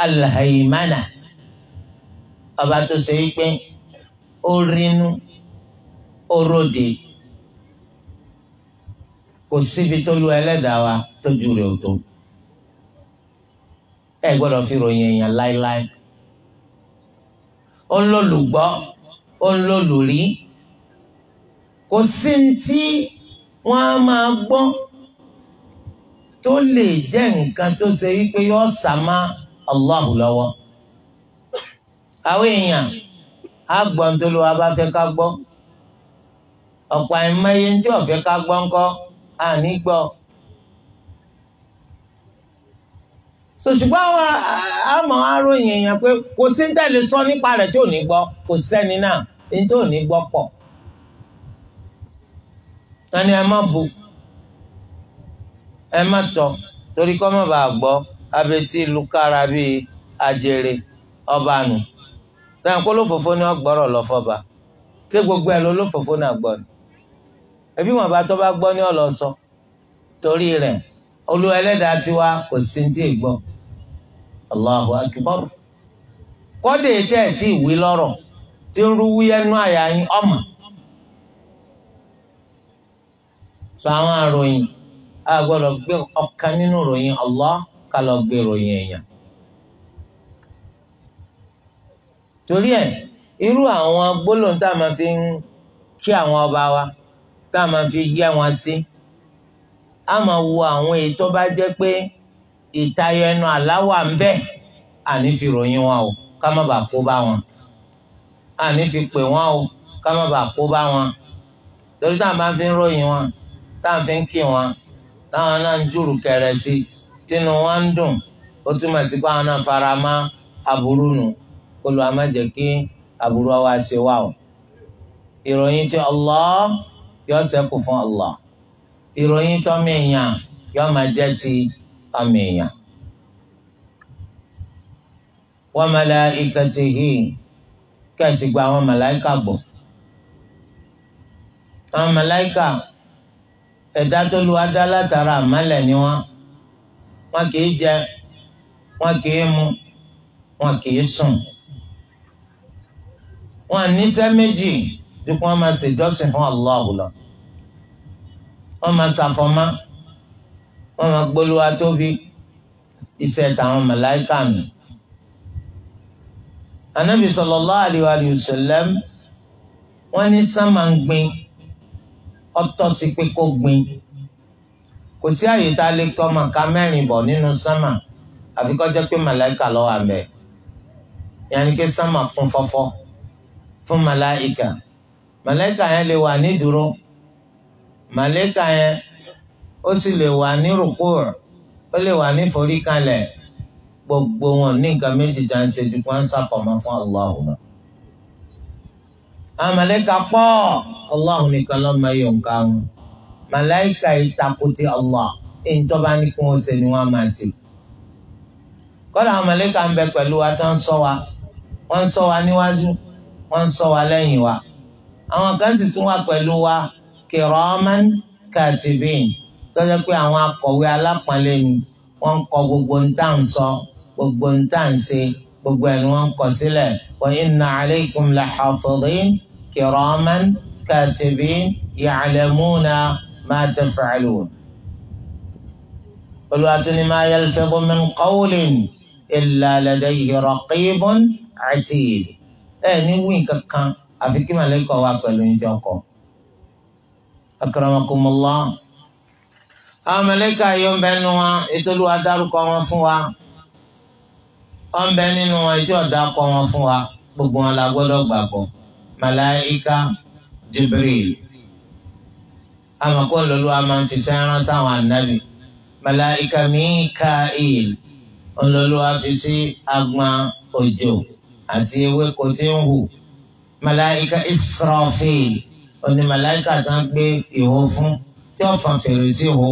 alhaimana ọba tó ṣe é pé ó rínú oróde kò síbi tó lu ẹlẹ́dàá wa tó ju rẹ̀ ò tó ẹ gbọ́dọ̀ fi ròyìn èèyàn láéláé ó ń lòlùgbọ́ ó ń lòlùrí kò sí tí wọ́n á máa gbọ́ tó lè jẹ́ nǹkan tó ṣe wípé yóò sàmá Allahu lọ́wọ́ àwọn èèyàn á gbọ́n tó lu abáfẹ́ ká gbọ́. ọ̀pọ̀ àìmọye tí ọ̀fẹ́ ká gbọ́ ńkọ́ àní gbọ́. so ṣùgbọ́n àwọn àmọ́ aróyìn èèyàn pé kò sí tẹ̀lé sọ nípa rẹ̀ tí ò ní gbọ́ kò sẹ́ni náà èyí tí ò ní gbọ́ bu ẹ torí kọ́ ajere ọba nù sẹ́yìn kó ló fòfó gbogbo ẹ̀ ló ló ẹbí wọn bá tó bá gbọ́ ní ọ̀lọ́ sọ torí rẹ̀ olúwa ẹlẹ́dàá tiwa kò sí ní tí ì gbọ́ Allahu akbar kọ́dé tẹ́ ẹ̀ tí ìwé lọ́rọ̀ tí ń rú wúyẹ́nú àyà yín ọmọ sọ àwọn àròyìn a gbé ọ̀kan nínú ròyìn Allah ká lọ gbé ròyìn èèyàn torí ẹ̀ irú àwọn gbólóhùn tá a máa fi ń kí àwọn ọba wa tá a máa fi yá wọn sí a máa wo àwọn èyí tó bá jẹ́ pé ìtayọ ẹnu àlá wà ń bẹ àní fi ròyìn wọn o ká má bàa kó bá wọn àní fi pè wọn o ká má bàa kó bá wọn torí tá a máa fi ń ròyìn wọn tá a fi ń kí wọn táwọn náà ń jùrù kẹrẹ sí tínú wọn ń dùn ó túmọ̀ sí pé àwọn náà fara mọ́ aburú nù kó kí aburú wa ṣe wà o ìròyìn ti Allah. yọ ṣẹ́kù fún Allah ìròyìn tọ́mọ èèyàn yọ máa jẹ ti ọmọ èèyàn. wa malaikatihi kẹ̀sì gba àwọn màláìkà gbọ́ àwọn màláìkà ẹ̀dá tó lu adá látara àmàlẹ̀ ni wọ́n wọn kì í jẹ wọn kì í mu wọn kì í sùn wọn níṣẹ́ méjì. dípò wọn máa ṣèjọsìn fún Allah lọ wọn máa ṣàfọmá wọn máa gbólúwa tóbi iṣẹ́ tàwọn màláìkà mi. anabi sallallahu alaihi wa sallam wọn ní sánmà ń gbin ọ̀tọ̀ sí pé kó gbin kò sí àyè tá a lè kọ́ ọmọ ká mẹ́rin bọ̀ nínú sánmà àfi kó jẹ́ pé màláìkà ló wà ńbẹ̀ yàní pé sánmà kún fọ́fọ́ fún màláìkà. màlẹ́kà yẹn lè wà ní dúró màlẹ́kà yẹn ó sì lè wà ní rúkú ó lè wà ní foríkalẹ̀ gbogbo wọn ní nǹkan méjì ń ṣe ju fún aláhùnmá. àwọn màlẹ́kà pọ̀ aláhùn nìkan máa nǹkan wọn màlẹ́kà yìí takò Allah ìjọba ní kí wọ́n ṣe ni wọ́n máa ṣe. kọ́dà àwọn màlẹ́kà ń bẹ pẹ̀lú àwọn kan sì tún wà pẹ̀lú wa kìrọ́mán kàtìbìn tọ́jọ́ pé àwọn akọ̀wé alápọ̀nlé ni wọ́n ń kọ gbogbo ń tà ń sọ gbogbo ń tà ń ṣe gbogbo ẹ̀ ni wọ́n ń kọ sílẹ̀ wa inna alaykum la hafidhin kìrọ́mán kàtìbìn ya'lamuna ma taf'alun. olùwàtúni ma yalfidhu min qawlin illa ladayhi raqibun atid ẹ̀ ní wíìn àfi kí màlẹ́kọ̀ wà pẹ̀lú yín jọ kọ́ akramakumullah àwọn màlẹ́kà yóò ń bẹ nu wọn ètò olúwa dárúkọ wọn fún wa wọn bẹ nínú wọn ìjọ dákọ wọn fún wa gbogbo wọn la gbọ́dọ̀ gbàgbọ́ màláìka jibril àmọkò lọlọwà máa ń fi sẹ́ran sáwọn ànábì màláìka mikael olọlọwà fi sí agbọn òjò àti ewéko tí ń hù màláìka Israfil òní màláìka tó ń gbé ìwo fún tí ó fan fèrè sí ìwo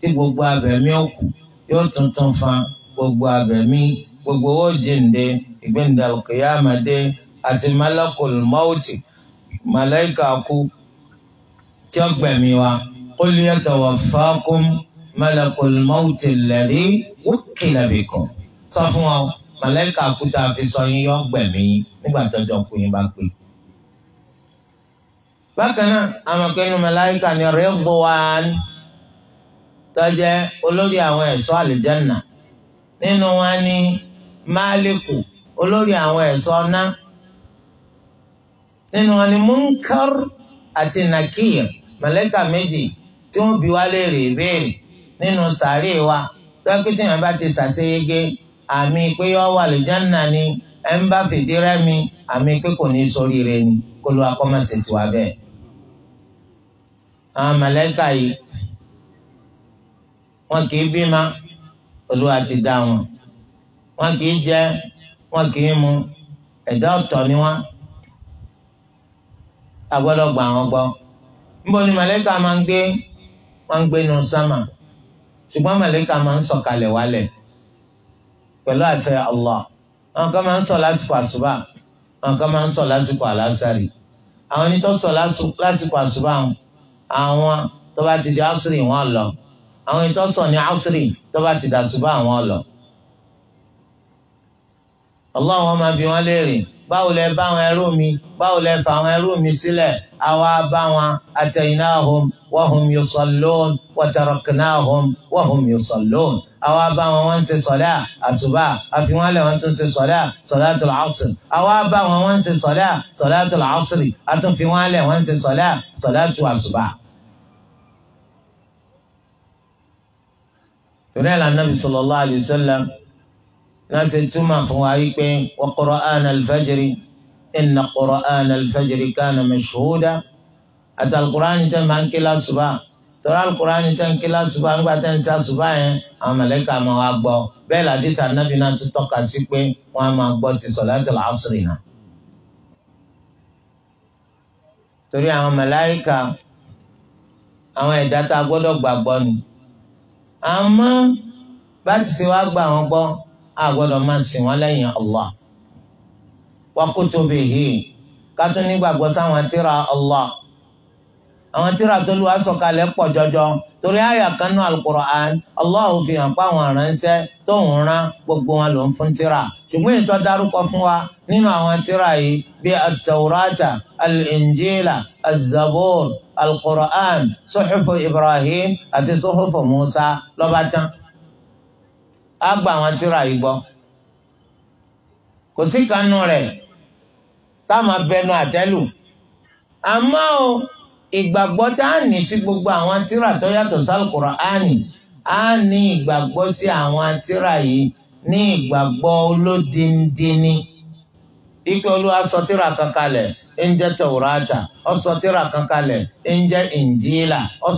tí gbogbo abẹ̀mí òkú yóò tuntun fan gbogbo abẹ̀mí gbogbo owó jíǹde ìgbéǹda òkèyàmàdé àti malakul mọ́ọ̀tì màláìka kú tí ó gbẹ̀mí wa qul yatawaffakum malakul mọ́ọ̀tì alladhi wukkila bikum sọ fún wa màláìka kú tá a fi sọ yín yọ gbẹ̀mí nígbà tọ́jọ́ kú yín bá pè é bákan náà àmọ̀kẹ́nu ni Ridwan tó jẹ́ olórí àwọn ẹ̀ṣọ́ àlùjánnà nínú wọn ni Máàlíkù olórí àwọn ẹ̀ṣọ́ ọ̀nà nínú wọn ni Munkar àti Nakir màláíkà méjì tí wọ́n bi wá léèrè ìbéèrè nínú sàárè wa dókítà yẹn bá ti ṣàṣeyege àmì pé ó wà àlùjánnà ni ẹ̀ ń bá fìdí rẹ́mi àmì pé kò ní í soríire ni. kólú akọ́mọ̀sẹ̀ ti wà bẹ́ẹ̀. àwọn màláíkà yìí wọn kì í bímọ olúwa ti dá wọn wọn kì í jẹ wọn kì í mu ẹ̀dá ọ̀tọ̀ ni wọn a gbà wọn gbọ́ níbo ni máa ń gbé wọn ń gbé nu sámà ṣùgbọ́n máa àwọn kan máa ń sọ lásìkò àlásàrì àwọn ẹni tó sọ lásìkò àṣùbà àwọn tó bá ti di àṣírí wọn lọ àwọn ẹni tó sọ ní àṣírí tó bá ti di àṣùbà wọn lọ. Allahu máa bi wọ́n léèrè báwo lẹ bá àwọn ẹrú mi báwo lẹ fà àwọn ẹrú mi sílẹ̀ àwa bá wọn ataynahum wa hum yusallun wa taraknahum wa hum yusallun àwa bá wọn wọ́n ń ṣe sọ̀lá àṣùbà àfi wọ́n lẹ̀ wọ́n tún ṣe sọ̀lá sọ̀lá tó lọ ọ̀sùn àwa bá wọn wọ́n ń ṣe sọ̀lá sọ̀lá tó lọ ọ̀sùn àtúnfi wọ́n lẹ̀ wọ́n ń ṣe sọ̀lá sọ̀lá tó àṣùbà. ìrẹ́ Ànábì sallallahu alayhi wa sallam náà ṣe túmọ̀ fún wa wípé wa qur'ana al-fajri inna qur'ana al-fajri kana mashhuda àtàlùkùránì tẹ́ tọ́lá alukur'ani tẹ́ ń kílá ṣùgbọ́ àgbà tẹ́ ń sá ṣùgbọ́ yẹn àwọn mẹ̀lẹ́kà máa wá gbọ́ bẹ́ẹ̀ làdí tà nábì náà tún tọ́ka sí pé wọ́n á máa gbọ́ ti sọ̀látul asri náà. torí àwọn mẹ̀láìkà àwọn ẹ̀dá tá a gbọ́dọ̀ gbàgbọ́ ni àmọ́ bá ti ṣe wá gbà wọ́n gbọ́ a gbọ́dọ̀ máa sìn wọ́n lẹ́yìn Allah wa kutubihi ká tún nígbàgbọ́ sáwọn tírà Allah àwọn hmm. tíra tó lu asọ̀kalẹ̀ pọ̀ jọjọ torí àyà kanú alukur'an Allah fi hàn pa àwọn aránṣẹ́ tó ń rán gbogbo wọn ló ń fún tíra ṣùgbọ́n ètò dárúkọ fún wa nínú àwọn tíra yìí bíi at-taurata al-injila az-zabur alukur'an suhufu ibrahim àti suhufu musa lọ́ba tán á gba àwọn tíra yìí gbọ́ kò sí kanú rẹ̀ táwọn abẹnú àtẹ́lù àmọ́ o ìgbàgbọ́ tá a ní sí gbogbo àwọn tírà tó yàtọ̀ sálùkùrọ̀ á ní á ní ìgbàgbọ́ sí àwọn tírà yìí ní ìgbàgbọ́ olódindini ipe olúwa sọ tírà kan kalẹ̀ ń jẹ́ tẹ̀wúrátà ó sọ tírà kan kalẹ̀ ń jẹ́ ìnjílà musa ó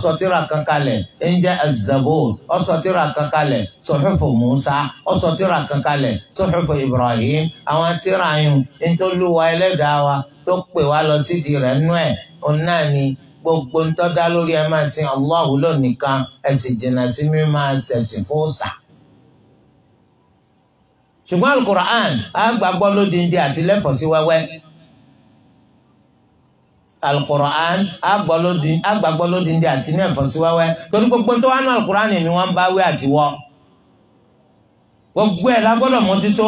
sọ tírà kan ibrahim àwọn tírà yìí ń tó ẹlẹ́dàá wa tó pè wá lọ sídìí rẹ̀ nú ẹ̀ òun náà ni gbogbo ń tọ́ dá lórí ẹ máa sin Allahu lónìkan ẹ sì jìnnà sí mi máa ṣẹ̀sìn fóòṣà. ṣùgbọ́n alukur'an á gbàgbọ́ lódindi àti lẹ́fọ̀ọ́ sí wẹ́wẹ́ alukur'an á gbàgbọ́ lódindi àti lẹ́fọ̀ọ́ sí wẹ́wẹ́ torí gbogbo tó wà ní alukur'an ni wọ́n bá wí àti gbogbo ẹ̀ lágbọ́dọ̀ mójútó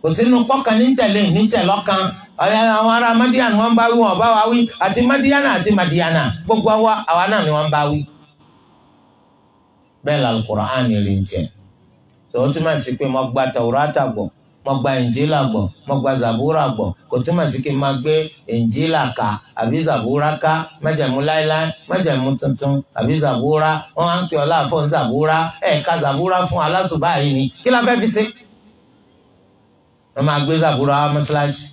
kò sínú pọ́kàn ní tẹ̀lé ní tẹ̀lọ́kan àwọn ará madiana wọ́n bá wí wọ́n bá wa wí àti madiana àti madiana gbogbo àwa àwa náà ni wọ́n bá wí. bẹ́ẹ̀ la alukur'an rí n jẹ tó o túmọ̀ sí pé mo gba tàwùrátà gbọ́ mo gba ìnjílà gbọ́ mo gba zabura gbọ́ kò túmọ̀ sí pé mo gbé ìnjílà ka àbí zabura ka májẹ̀mú láíláí májẹ̀mú tuntun àbí zabura wọ́n á ń pè ọ́ láàfọ̀ ní zabura ẹ̀ka zabura fún alásùbáyé ni kí la fẹ́ fi ṣe. wọ́n máa gbé zabura mọ́ṣáláṣí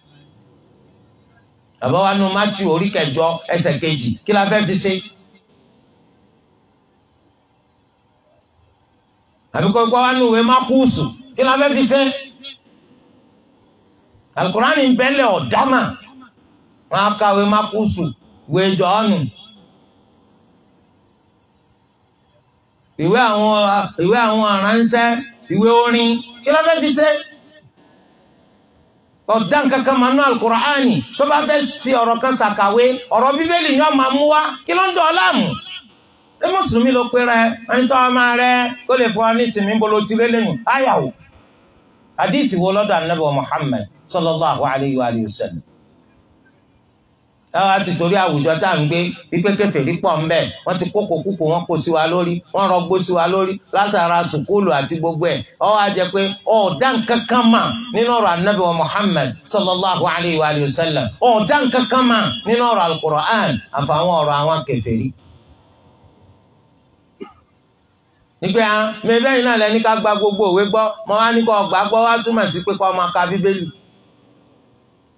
bàbá wa nu Matthew orí kẹjọ ẹsẹ̀ kejì kí la fẹ́ fi ṣe. àbíkọ́ ìpá wa nu ìwé Mákùsù kí la fẹ́ fi ṣe. alukurani bẹ́lẹ̀ ọ̀dámà wọn á kàwé Mákùsù wéjọ ọ̀nù. ìwé àwọn ìwé àwọn aránṣẹ́ ìwé orin kí la fẹ́ fi ṣe ọ̀dán kankan manú alukur'ani tó bá fẹ́ fi ọ̀rọ̀ kan ṣàkàwé ọ̀rọ̀ bíbélì ni wọ́n máa mú wá kí ló ń dọ̀ ọ́ láàmú. ṣé mùsùlùmí ló pé rẹ ẹni tó ọmọ rẹ kó lè fún ọ ní ìsinmi bolo ti lé lẹ́nu ayàwó. àdìsí wo lọ́dọ̀ anábọ̀ Muhammad sallallahu alayhi wa sallam táwa ti torí àwùjọ tá à ń gbé wípé kèfèrí pọ̀ ńbẹ wọ́n ti kókò kúkò wọ́n kó sí wa lórí wọ́n rọgbó sí wa lórí látara sùkúlù àti gbogbo ẹ̀ ó wá jẹ́ pé ọ̀ọ́dá nǹkan kan mà nínú ọ̀rọ̀ anábì wa Muhammad sallallahu alayhi wa sallam ọ̀ọ́dá nǹkan kan mà nínú ọ̀rọ̀ al-Qur'an àfàwọn ọ̀rọ̀ àwọn kèfèrí. nígbà ah, mẹ́fẹ́ yìí náà lẹ́ni ká gba gbogbo òwe gbọ́ mọ́ wá ní kó gbàgbọ́ wá túmọ̀ sí pé kó máa ka bíbélì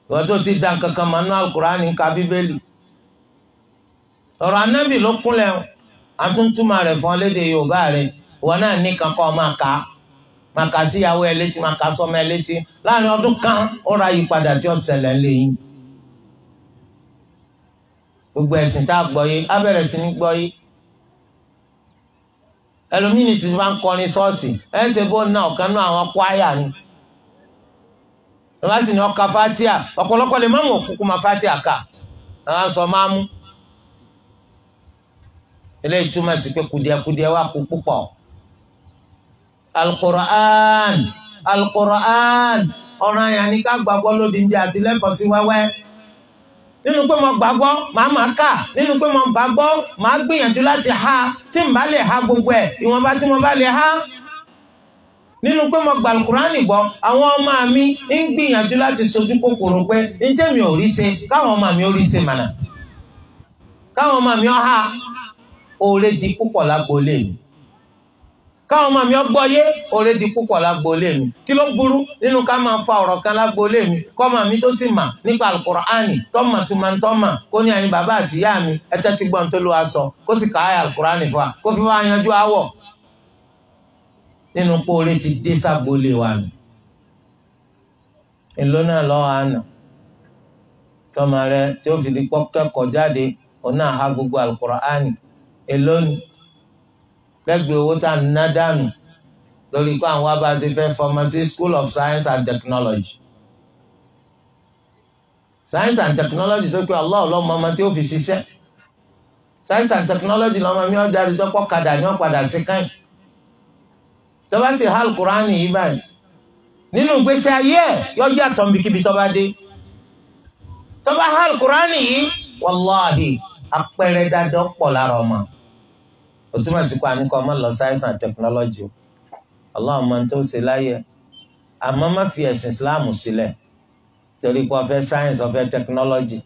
ìwọ tó ti dá nǹkan kan mọ́nú nka ka bíbélì ọ̀rọ̀ anábì ló kúnlẹ̀ àtúntúmọ̀ rẹ fún ọlédè yorùbá rẹ̀ ìwọ náà ní kankan máa kà á síyàwó ẹ létí láàrin ọdún kan ọrọ ra tí ó ṣẹlẹ̀ lẹ́yìn gbogbo tá a sí ní ti máa bàbá sì ní ọkà fatia ọ̀pọ̀lọpọ̀ lè máàmù òkúkú ma fatia ká àwọn sọ máa mú eléyìí túmọ̀ sí pé kùdìẹ̀kùdìẹ̀ wà kú púpọ̀ alukoran alukoran ọ̀ràn yẹn ni ká gbàgbọ́ lódìndí àti lẹ́kọ̀ọ́ sí wẹ́wẹ́ nínú pé mo gbàgbọ́ màá máa kà nínú pé mo gbàgbọ́ màá gbìyànjú láti ha tí n bá lè ha gbogbo ẹ̀ ìwọ̀nba tí mo bá lè ha nínú pé mo gba alukurani gbọ́ àwọn ọmọ mi ń gbìyànjú láti sojú kòkòrò pé ǹjẹ́ mi ò rí ṣe káwọn ọmọ mi ò rí ṣe mànà káwọn ọmọ mi ọha oore di púpọ̀ lágboolé mi káwọn ọmọ mi ọgbọ́yé oore di púpọ̀ lágboolé mi kí ló burú nínú ká máa fa ọ̀rọ̀ kan lágboolé mi kọ́ ọmọ mi tó sì mà nípa alukur'ani tọ́mà tuma tọ́mà kó ní àní bàbá àtìyá mi ẹ tẹ́tí gbọ́n tó ló wa kó sì káyà alukur'ani fún wa kó fi wá yanjú àwọ̀ nínú pòórè ti dé ságbólé wa nù èló náà lọ́wọ́ àná tọ́mọ rẹ tí ó fi di pọ́ kẹ́kọ̀ọ́ jáde òun náà ha gbogbo alukur'ani èló ni lẹ́gbẹ̀ẹ́ owó tá à ń ná dànù lórí kó àwọn abáṣe fẹ́ pharmacy school of science and technology science and technology tó pé Allah ọlọ́mọ ọmọ tí ó fi ṣiṣẹ́ science and technology lọ́mọ mi ọ́ jáde tó pọ̀ kadà ni wọ́n padà sí káyìn tó bá sì hàl kúránì yìí báyìí nínú ìgbésí ayé ẹ̀ yọ yàtọ̀ níbikíbi tó bá dé tó bá hàl kúránì yìí wàláhì apẹrẹ dájọ́ pọ̀ lára ọmọ o túmọ̀ sí pé àníkọ́ ọmọ lọ science and technology o ọlọ́run máa ń tó ṣe láyé àmọ́ má fi ẹ̀sìn islam sílẹ̀ torí pé ọfẹ́ science ọfẹ́ technology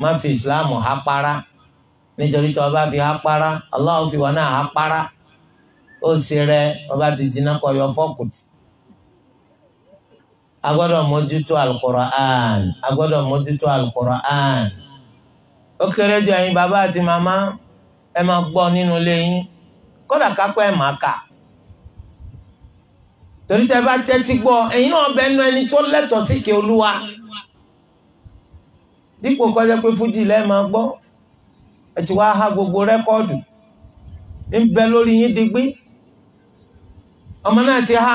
má fi islam hápárá nítorí tó o bá fi hápárá Allah fi wọn náà hápárá. osire sì ọba ti kọ yọ fọkùtì agbọdọ mójútó alukoran agbọ́dọ̀ mójútó alukoran ó kéré jù ẹ̀yin bàbá àti màmá ẹ máa gbọ́ nínú ilé yín kódà kápẹ́ ẹ̀ máa kà torí tẹ́ bá tẹ́tí ẹ̀yin náà bẹ ẹni tó lẹ́tọ̀ọ́ sí kí olúwa dípò kọjá pé fújì lẹ́ẹ̀ máa gbọ́ ẹ ti wá gbogbo rẹ́kọ́ọ̀dù ń ọmọ náà ti ha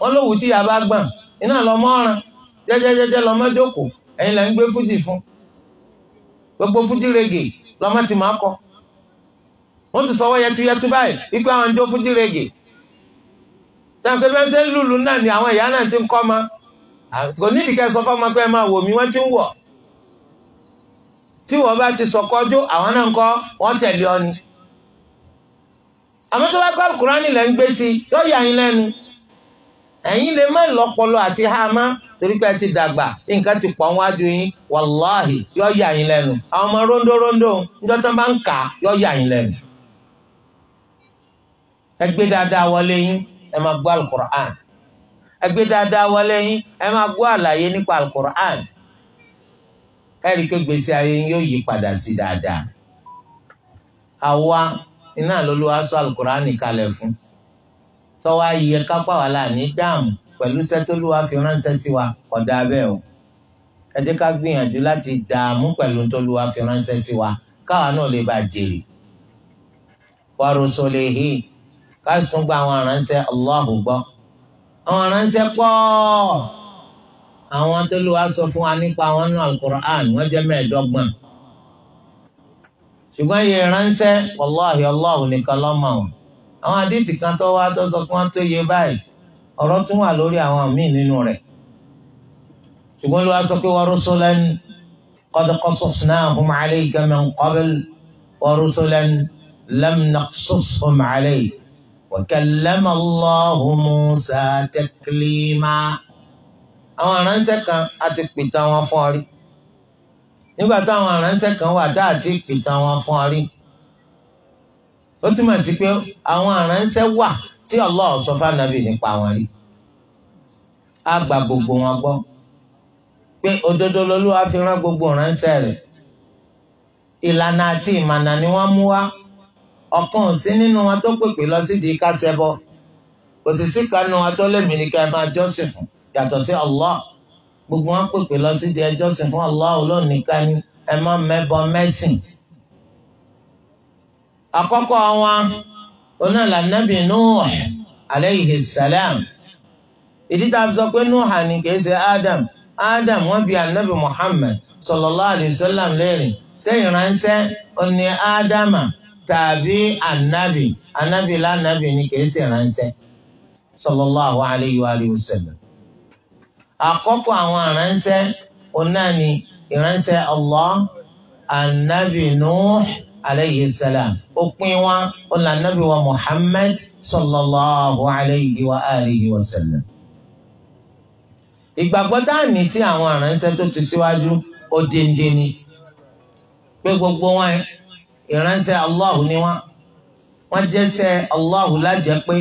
wọn lówù tí yàrá bá gbọ̀n iná lọmọ ọ̀ràn jẹ́jẹ́jẹ́jẹ́ lọmọ jókòó ẹ̀yin là ń gbé fújì fún gbogbo fújì rege lọmọ ti máa kọ wọ́n ti sọwọ́ yẹtuyẹtu báyìí wípé àwọn jó fújì rege bẹ́ẹ̀ ṣe lùlù náà ni àwọn ìyá náà ti ń kọ́ sọ pé ẹ máa wò mí ni. àmọ́ tó bá kọ́ alukurani lẹ́ ń gbé sí yóò yà yín lẹ́nu ẹ̀yin lè má lọ́pọlọ àti hama torí pé ẹ ti dàgbà nǹkan ti pọ̀ wájú yín wàláhì yóò yà yín lẹ́nu àwọn ọmọ rondo rondo níjọ́ tí wọ́n bá ń kà yóò yà yín lẹ́nu. ẹ gbé dáadáa wọlé yín ẹ máa gbọ́ alukur'an ẹ gbé dáadáa wọlé yín ẹ máa gbọ́ àlàyé nípa alukur'an ẹ rí i pé gbèsè ayé yín yóò yí padà sí dáadáa. àwa iná lólu aṣọ alukurani kalẹ̀ fún sọwọ́ ayé kápá wa la ní dáàmú pẹ̀lú sẹ́tọ́lúwa fi ránṣẹ́ sí wa ọ̀dà bẹ́ẹ̀ o ẹ jẹ́ ká gbìyànjú láti dààmú pẹ̀lú tọ́lúwa fi ránṣẹ́ sí wa káwa náà lè bá jèrè wa rusulihi ká sì tún gba àwọn aránṣẹ́ Allahu gbọ́ àwọn aránṣẹ́ pọ̀ àwọn tọ́lúwa sọ fún wa nípa àwọn nínú alukurani wọ́n jẹ́ mẹ́ẹ̀ẹ́dọ́gbọ̀n ṣùgbọ́n iye ránṣẹ́ wàláhì ọlọ́run nìkan lọ́mọ wọn àwọn àdìtì kan tó wá tó sọ pé wọ́n tó yẹ báyìí ọ̀rọ̀ tún wà lórí àwọn míì nínú rẹ̀ ṣùgbọ́n ló wá sọ pé wa rusulan qad qasasnahum alayka min qabl wa àwọn ránṣẹ́ kan a pìtàn wọn fún ọ nígbà táwọn aránṣẹ́ kan wà tá àti ìpìtàn wọn fún ọ rí ó túmọ̀ sí pé àwọn aránṣẹ́ wà tí Allah sọ fánàbì nípa wọn rí a gba gbogbo wọn gbọ́ pé òdodo lolúwa fi rán gbogbo ránṣẹ́ rẹ̀ ìlànà àti ìmọ̀nà ni wọ́n mú wá ọ̀kan ò sí nínú wọn tó pèpè lọ sídìí kásẹ̀bọ kò sì sí kanú wọn tó lè mí ní ká ẹ máa jọ́sìn fún yàtọ̀ sí Allah gbogbo wọn pèpè lọ sí di ẹjọ́ sìn fún Allah olóòníkan ni ẹ má mẹ́bọ mẹ́sìn. àkọ́kọ́ wọn oná lànàbì Nuh alayhi salam ìdí tá a sọ pé Nuh ni kì í ṣe Adam Adam wọn bí anabi Muhammad sallallahu alayhi wa sallam léèrè ṣé ìránṣẹ́ oní Ádámà tàbí anabi anabi lànàbì ni kì í ṣe ìránṣẹ́ sallallahu alayhi wa sallam àkọ́kọ́ àwọn aránṣẹ́ ọ̀nà ni ìránṣẹ́ Allah anabi nuh alayhi salam òpin wa ọ̀là anabi wa Muhammad sallallahu alayhi wa alihi wa sallam. ìgbàgbọ́ tá a ní sí àwọn aránṣẹ́ tó ti síwájú ó dende ni pé gbogbo wọn ìránṣẹ́ Allah ni wọn wọn jẹ́ṣẹ́ Allah lájẹ́ pé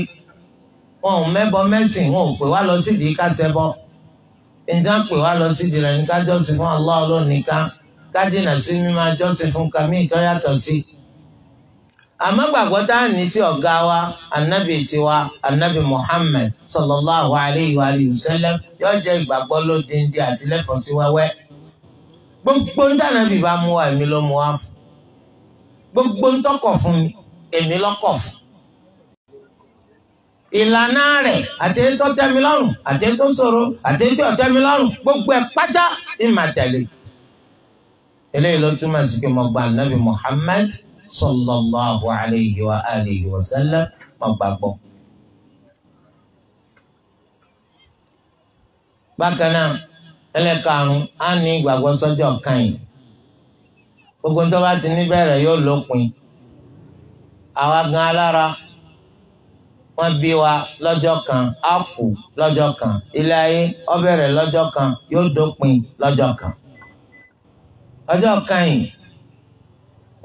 wọn ò mẹ́bọ mẹ́sìn wọn ò pè wá lọ sídìí ká ṣẹbọ. ìjà ń lọ sí ìdìrẹ̀ ní ká jọ́sìn fún Allah nìkan si mima sí fún kàmí ìtọ́yàtọ̀ sí. àmọ́ gbàgbọ́ tá a ní sí ọ̀gá wa anabi tiwa anabi Muhammad sallallahu alayhi wa sallam yóò jẹ́ ìgbàgbọ́ lódindi àti lẹ́fọ̀ọ́sí wẹ́wẹ́. gbogbo ń bá mú wa èmi ló mú gbogbo ń tọkọ̀ fún ìlànà rẹ̀ àti ètò tẹ́mi lọ́rùn àti ètò ṣòro àti ètò ọ̀tẹ́mi gbogbo ẹ̀ pátá ìmà tẹ̀lé. eléyìí ló túmọ̀ sí pé mo gba anabi Muhammad sallallahu alayhi wa alihi wa sallam mo gbàgbọ́. bákan náà ẹlẹ́karùn-ún á ní ìgbàgbọ́ sọ́jọ́ kan yìí gbogbo tó bá ti níbẹ̀rẹ̀ yóò lópin àwa gan alára wọ́n bí wa lọ́jọ́ kan á kú lọ́jọ́ kan ilé ayé ó bẹ̀rẹ̀ lọ́jọ́ kan yóò dópin lọ́jọ́ kan ọjọ́ kan yìí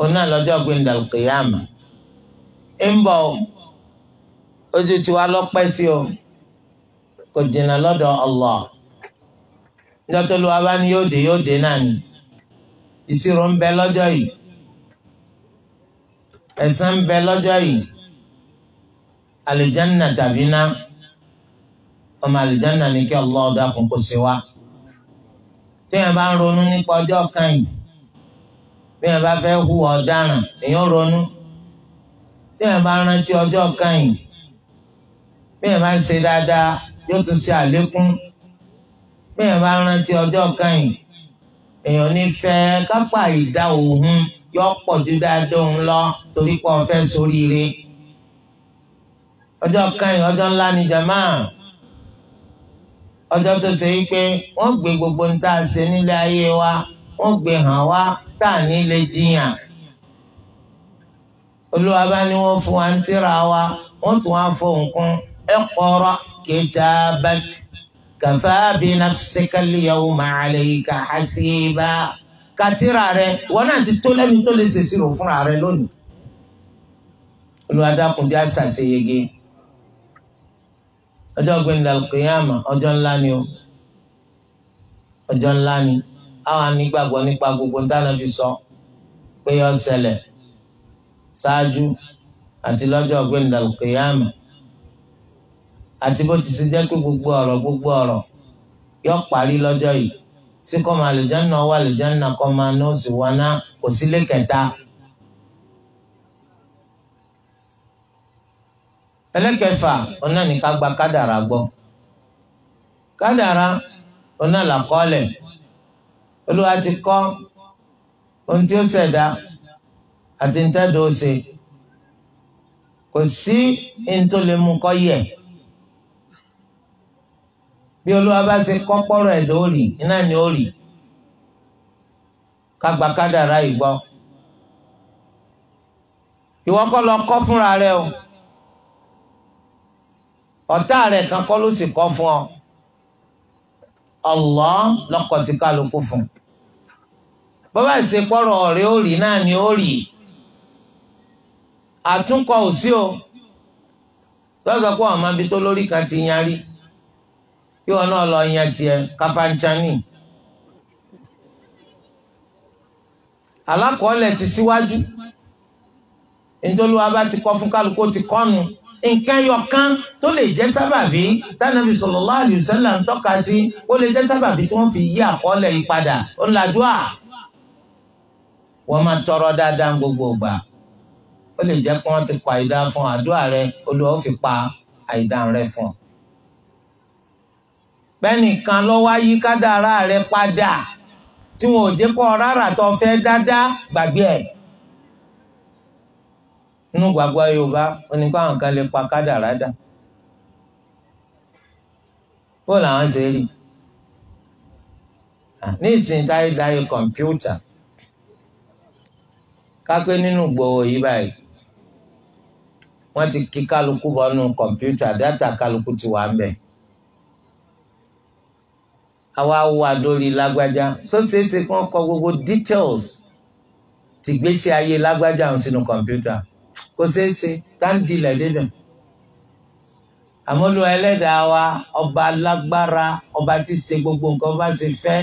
òun náà gbẹndàlùkìyàmà ń bọ̀ ojú tiwa lọ́pẹ́ sí o kò jìnnà lọ́dọ̀ Allah níjọ́ tó lu abá ni yóò dé yóò dé náà ni ìṣirò ń bẹ lọ́jọ́ yìí ẹ̀san ń bẹ lọ́jọ́ yìí alìjánà tàbí iná ọmọ alìjánà ní kí Allah dákun kó ṣe wá téèyàn bá ń ronú nípa ọjọ́ kan yìí téèyàn bá fẹ́ hùwà ọ̀daràn èèyàn ronú téèyàn bá rántí ọjọ́ kan yìí téèyàn bá ń ṣe dáadáa yóò tún ṣe àlékún téèyàn bá rántí ọjọ́ kan yìí ní fẹ́ kápá ìdá òun yọ pọ̀ ju dáadáa òun lọ torí pé ó fẹ́ So ọjọ́ kan ọjọ́ ńlá ni jama ọjọ́ tó ṣe wípé wọ́n gbé gbogbo ní tá a ṣe nílé ayé wa wọ́n gbé hàn wá tá a ní lè jiyàn olúwa bá ní wọ́n fún wa ń tíra wa wọ́n tún wá fóun kún iqra kitabak kafa bi nafsika al-yawma alayka hasiba kàtírà rẹ wọn náà ti tó lẹ́ni tó lè ṣèṣirò fúnra rẹ lónìí olùwádàkùn jẹ́ àṣàṣeyege ọjọ́ gbẹ̀ndà kìyàmà ọjọ́ ńlá ni o ọjọ́ ńlá ni àwọn anígbàgbọ́ nípa gbogbo ntànàbí sọ pé yọ sẹlẹ̀, ṣáájú àti lọ́jọ́ gbẹ̀ndà kìyàmà àti bó ti ṣe jẹ́ pé gbogbo ọ̀rọ̀ gbogbo ọ̀rọ̀ yọ parí lọ́jọ́ yìí sí wà ẹlẹ́kẹfà ọ̀nà ni ká gba kádàrá gbọ́ kádàrá ọ̀nà làkọ́ọ̀lẹ̀ olúwa ti kọ ohun tí ó ṣẹ̀dá àti ń tẹ́dọ̀ ó ṣe kò sí ohun tó lè mú kọ́ yẹ̀ bí olúwa bá ṣe kọ́ pọ́rọ̀ ẹ̀dọ́ ó rì iná ni ó rì ká gba kádàrá ìgbọ́ ìwọ kọ́ lọ kọ́ fúnra rẹ o. ọ̀tá rẹ̀ kan kọ́ ló sì kọ́ fún ọ Allah lọ́kọ̀ tí kálukú fún bọ́bá ìsepọ̀rọ̀ ọ̀rẹ́ ó rí náà ni ó rí àtúnkọ ò sí o lọ́sọ̀ pé àwọn ọmọbi tó lórí kan ti yan rí kí wọn náà lọ yan tiẹ̀ káfáńchání alákọ̀ọ́lẹ̀ ti síwájú nítorí wọn bá ti kọ́ fún kálukú ti kọ́nu nǹkan yọkan tó lè jẹ́ sábàbí tánàbí sallallahu alaihi wasallam ń tọ́ka sí ó lè jẹ́ sábàbí tí wọ́n fi yí àkọọ́lẹ̀ yìí padà ó ń la dùà wọ́n máa tọrọ dáadáa gbogbo ìgbà ó lè jẹ́ pé wọ́n ti pa àìdá fún àdúrà rẹ Olúwa ó fi pa àìdá rẹ fún ọ. bẹ́nìkan lọ́wọ́ yí kádàrá rẹ padà tí wọn ò jẹ́ kó rárá tó fẹ́ dáadáa gbàgbé ẹ̀ nínú gbàgbọ́ yorùbá oníkó àwọn kan lè pa kádàrá dà bó làwọn ṣe rí ní ìsìn táyé dáyé kọ̀ǹpútà kápẹ́ nínú gbòòrò yìí báyìí wọ́n ti kí kálukú bọ́nú kọ̀ǹpútà dátà kálukú ti wà ń àwa wà lórí lágbájá sọ́sẹ́sẹ́ kan kọ gbogbo details ti gbésí ayé lágbájá sínú kọ̀ǹpútà. So, kò ṣeé ṣe tá ń dilẹ̀ débẹ̀ àmọ́lò ẹlẹ́dàá wa ọba alágbára ọba tí ṣe gbogbo nǹkan bá ṣe fẹ́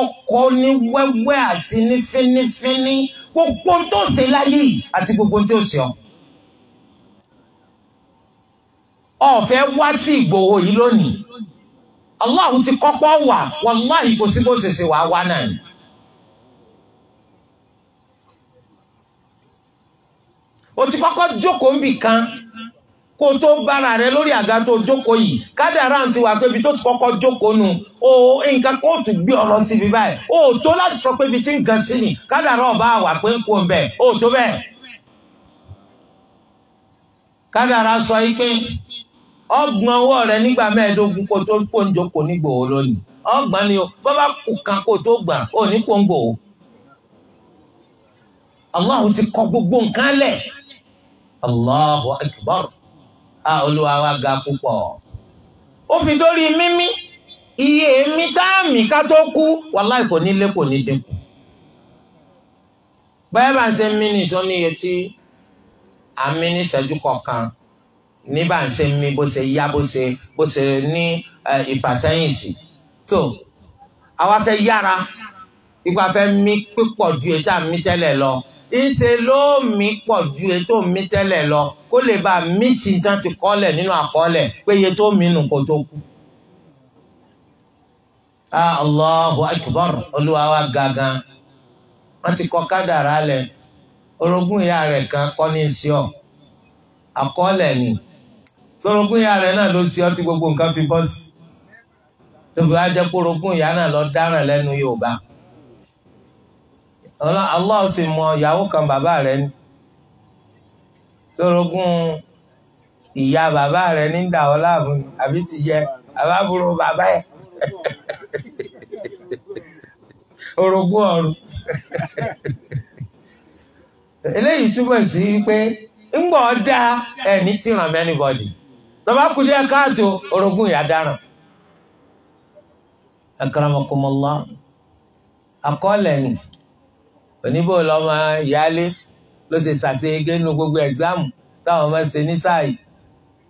ọkọ ní wẹ́wẹ́ àti ní fínífíní gbogbo tó ṣe láyé àti gbogbo tó ṣe ọ. ọ̀fẹ́ wá sí Ìgbòho yìí lónìí Allah ti kọ́kọ́ wà wàláhì kò sí bó ṣe ṣe wàá wá náà o ti kọ́kọ́ jókòó níbì kan kó tó bára rẹ lórí àga tó jókòó yìí kádàrá ti wà pé ibi tó ti kọ́kọ́ jókòó nu o nǹkan kó tún gbé ọ̀rọ̀ síbi báyìí o tó láti sọ pé ibi tí ń gan sí ni kádàrá ọba wà pé ń kó ń bẹ̀ o tó bẹ́ẹ̀ kádàrá sọ yìí pé ọgbọ̀n ọwọ́ rẹ nígbà mẹ́ẹ̀ẹ́dógún kó tó kó ń jókòó nígbòho lónìí ọgbọ̀n ni o bọ́ bá kù kan kó tó gbà ò ní kó ń gbòho. Allah ti kọ gbogbo nǹkan lẹ̀ Allahu akbar a olúwa wa ga púpọ̀ ó fi dórí mímí iye èémí táàmì ká tó kú wàláì kò ní lé kò ní dínkù bẹ́ẹ̀ bá ń ṣe mí ní sọ níye tí a mí ní ìṣẹ́jú kọ̀ọ̀kan ní bá ń ṣe mí bó ṣe yá bó ṣe bó ṣe ní ìfàsẹ́yìn sí so àwa fẹ́ yára ipa fẹ́ mí pípọ̀ ju ètò àmì tẹ́lẹ̀ lọ. ìṣe ló mí pọ̀ ju ètò mi tẹ́lẹ̀ lọ kó lè bá mí tí tán ti kọ́lẹ̀ nínú àkọọ́lẹ̀ pé iye tó mí nù kó tó kú. Allahu akbar olúwa wa gangan wọ́n ti kọ́ kádàrá lẹ̀ orogún ìyá rẹ̀ kan kọ́ ní sí ọ àkọọ́lẹ̀ ni torogún ìyá rẹ̀ náà ló sí ọ tí gbogbo nǹkan fi bọ́ sí. tóbi wá jẹ́ kó orogún ìyá náà lọ dáràn lẹ́nu Yorùbá. Allah ò sì mọ ìyàwó kan bàbá rẹ ni sorogún ìyá bàbá rẹ ní dà ọ́ láàmú àbí ti jẹ àbábúrò bàbá ẹ̀ orogún ọ̀run eléyìí túbọ̀ sí pé ńgbọ̀ dá ẹni tí ràn mẹ́ni bọ̀dì tọba kùdí oníbò lọ́mọ ìyáálé ló ṣe ṣàṣeyege nínú gbogbo ẹ̀gzáàmù táwọn ọmọ ṣe ní sáà yìí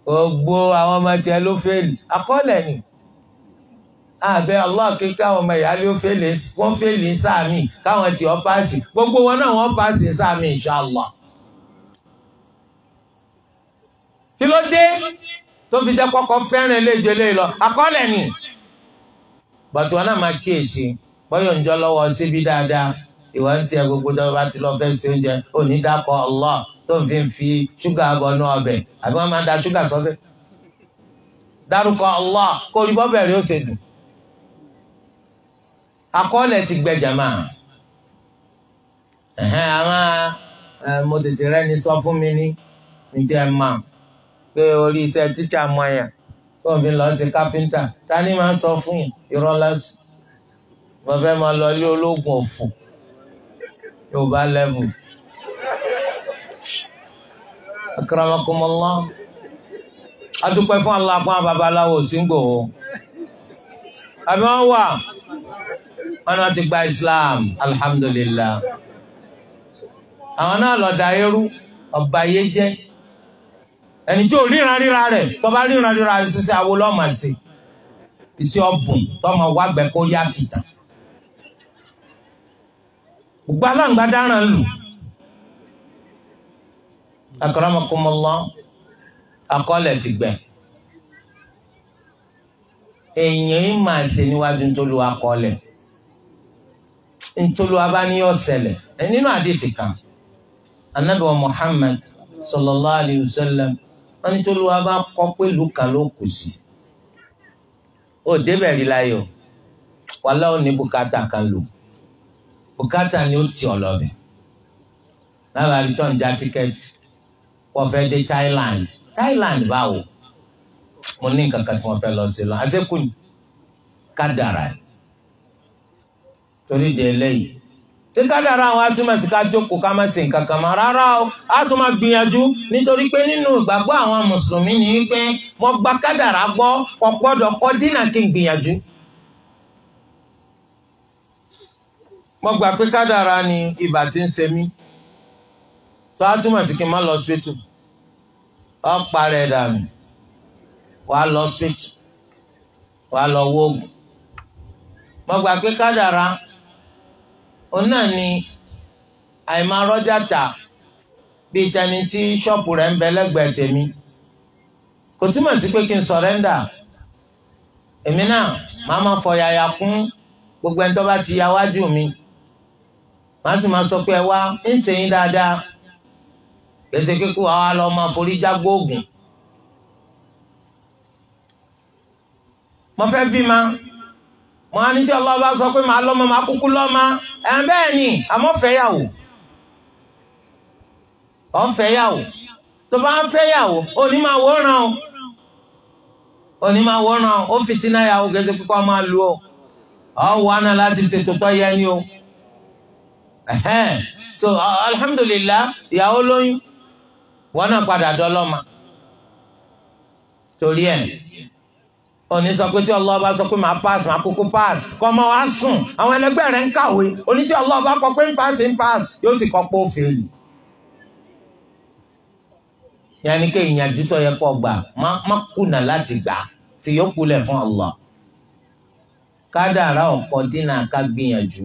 gbogbo àwọn ọmọ tiẹ̀ ló fẹ́ẹ̀lì akọ́lẹ̀ ni àbẹ Allah kíkẹ́ àwọn ọmọ ìyáálé wọ́n fẹ́ẹ̀lì ń sáàmì káwọn tiẹ̀ ọ́ páàsì gbogbo wọn náà wọ́n páàsì ń sáàmì inshallah. kí ló dé tó fi jẹ́ kọ́kọ́ fẹ́ràn eléjò eléyìí lọ akọ́lẹ̀ ni bàtí wọn náà máa kíyèsí bọ́yọ̀ ń jọ lọ́wọ́ síbi dáadáa ìwọ ń tiẹ̀ gbogbo tó bá ti lọ fẹ́ ṣe oúnjẹ òní dákọ̀ Allah tó fi ń fi ṣúgà bọnú ọbẹ̀ àbí wọ́n máa ń da ṣúgà sọ́bẹ̀ dárúkọ Allah kó rí bọ́bẹ̀ rí ó ṣe dùn akọ́lẹ̀ ti gbẹ̀jà máa ẹ̀hẹ́n àwọn mo tètè rẹ́ni sọ fún mi ní níjẹ́ máa pé orí iṣẹ́ tíṣà mọ ẹ̀yàn tó fi lọ sí káfíńtà ta ni máa ń sọ fún yìí irọ́ lásìkò mo fẹ́ máa lọ ilé ológun òfò. Yorùbá lẹ́bù. Akramakumullah. Adúpẹ́ fún aláàpọ̀ babaláwo síngò o. Àbí wọ́n wà? Wọ́n náà ti gba Islam, alhamdulillah. Àwọn náà lọ da eru, ọba ayé jẹ́. Ẹni tí ò ríran ríra rẹ̀, tọ́ba ríran ríra rẹ̀ ṣiṣẹ́ awo lọ́mọ̀ sí. Iṣẹ́ ọ̀bùn tọ́mọ wàgbẹ́ kórí àkìtàn gbogbo aláǹgbá dáràn lù akaramakumọlọ akọọlẹ ti gbẹ èèyàn yìí máa ṣe níwájú ntolu akọọlẹ ntolu abániyọ ṣẹlẹ̀ nínú àdìsí kan anabi wa muhammad sallallahu alayhi wa sallam wọn ní tolu abá kọ pé lùkà ló kù sí ó débẹ̀ rí láyọ̀ wàhálà ó ní bùkátà kan lù bùkátà ni ó ti ọ̀lọ́bẹ̀ lára ibi tó ń já tíkẹ́ẹ̀tì wọ́n fẹ́ dé Thailand Thailand báwo mo ní nǹkan kan tí wọ́n fẹ́ lọ sí lọ àṣekùn kádàrà torí de eléyìí ṣé kádàrá àwọn atúmọ̀ sí ká jókòó ká má ṣe nǹkan kan mọ́ rárá o a tún máa gbìyànjú nítorí pé nínú ìgbàgbọ́ àwọn mùsùlùmí ni wípé mo gba kádàrá gbọ́ kò gbọ́dọ̀ kọ́ dínà kí n gbìyànjú. mo gbà pé kádàrá ni ibà tí ń ṣe mí tó a túmọ̀ sí kí n má lọ hospital ọ parẹ́ dànù wàá lọ hospital wàá lọ wóògùn mo gbà pé kádàrá òun náà ni àìmọ̀ rọ́jà tà bíi tẹni tí ṣọ́ọ̀pù rẹ̀ ń bẹ lẹ́gbẹ̀ẹ́ tèmi kò túmọ̀ sí pé kí n sọ̀rẹ́ndà èmi náà màá máa fọ yàyà kún gbogbo ẹni tó bá ti yáwájú mi. màá sì máa sọ pé ẹ wá ń ṣe dáadáa gbèsè kíkú àwa lọ máa forí jágbó ògùn. mo fẹ́ ma mo á sọ pé màá lọ́mọ màá kúkú lọ́mọ ẹ̀ bẹ́ẹ̀ ni àmọ́ fẹ́yàwó ọ̀ fẹ́yàwó tó bá ń fẹ́yàwó òní máa wòran o òní máa wòran o ó fìtínà yàwó gẹ́sẹ̀ máa lu láti ṣètò yẹ so alhamdulillah ìyàwó lóyún wọn náà padà dọlọ́mà torí ẹ̀ òní sọ pé tí Allah bá sọ pé màá pass màá kúkú pass kọ́ ọmọ wa sùn àwọn ẹlẹgbẹ́ rẹ̀ ń kàwé òní tí Allah bá kọ pé ń pass ń pass yóò sì kọ́ pé ó fèèlì. yanni ké ìyànjú tó yẹ kó gbà má má kùnà láti gbà fi yókù lẹ̀ fún Allah. kádàrá ọ̀pọ̀ dínà ká gbìyànjú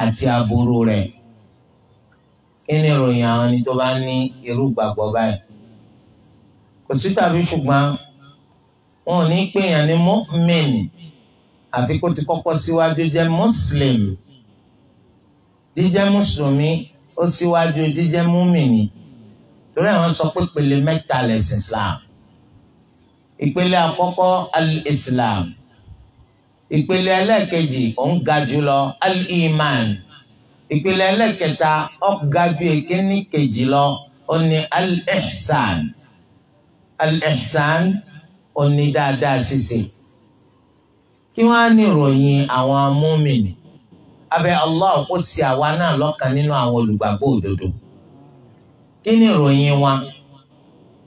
àti aburú rẹ̀ kí ni ìròyìn àwọn ẹni tó bá ní irú gbàgbọ́ báyìí kò sí tàbí ṣùgbọ́n wọn ò ní pèèyàn ní mu'min àfi kó ti kọ́kọ́ síwájú jẹ́ muslim jíjẹ́ mùsùlùmí ó síwájú jíjẹ́ múmìnì torí àwọn sọ pé pèlè mẹ́ta lẹ̀sìn islam ìpele àkọ́kọ́ al-islam. Al ìpele ẹlẹ́ẹ̀kejì ó ń ga jù lọ al-iman ìpele ẹlẹ́ẹ̀kẹta ó ga jù èkíní kejì lọ ó ní al-ihsan al-ihsan ó ní dáadáa ṣíṣe kí wọ́n á ní ìròyìn àwọn amúmìnì abẹ́ Allah kó sí àwa náà lọ́kàn nínú àwọn olùgbàgbọ́ òdodo kí ni ìròyìn wa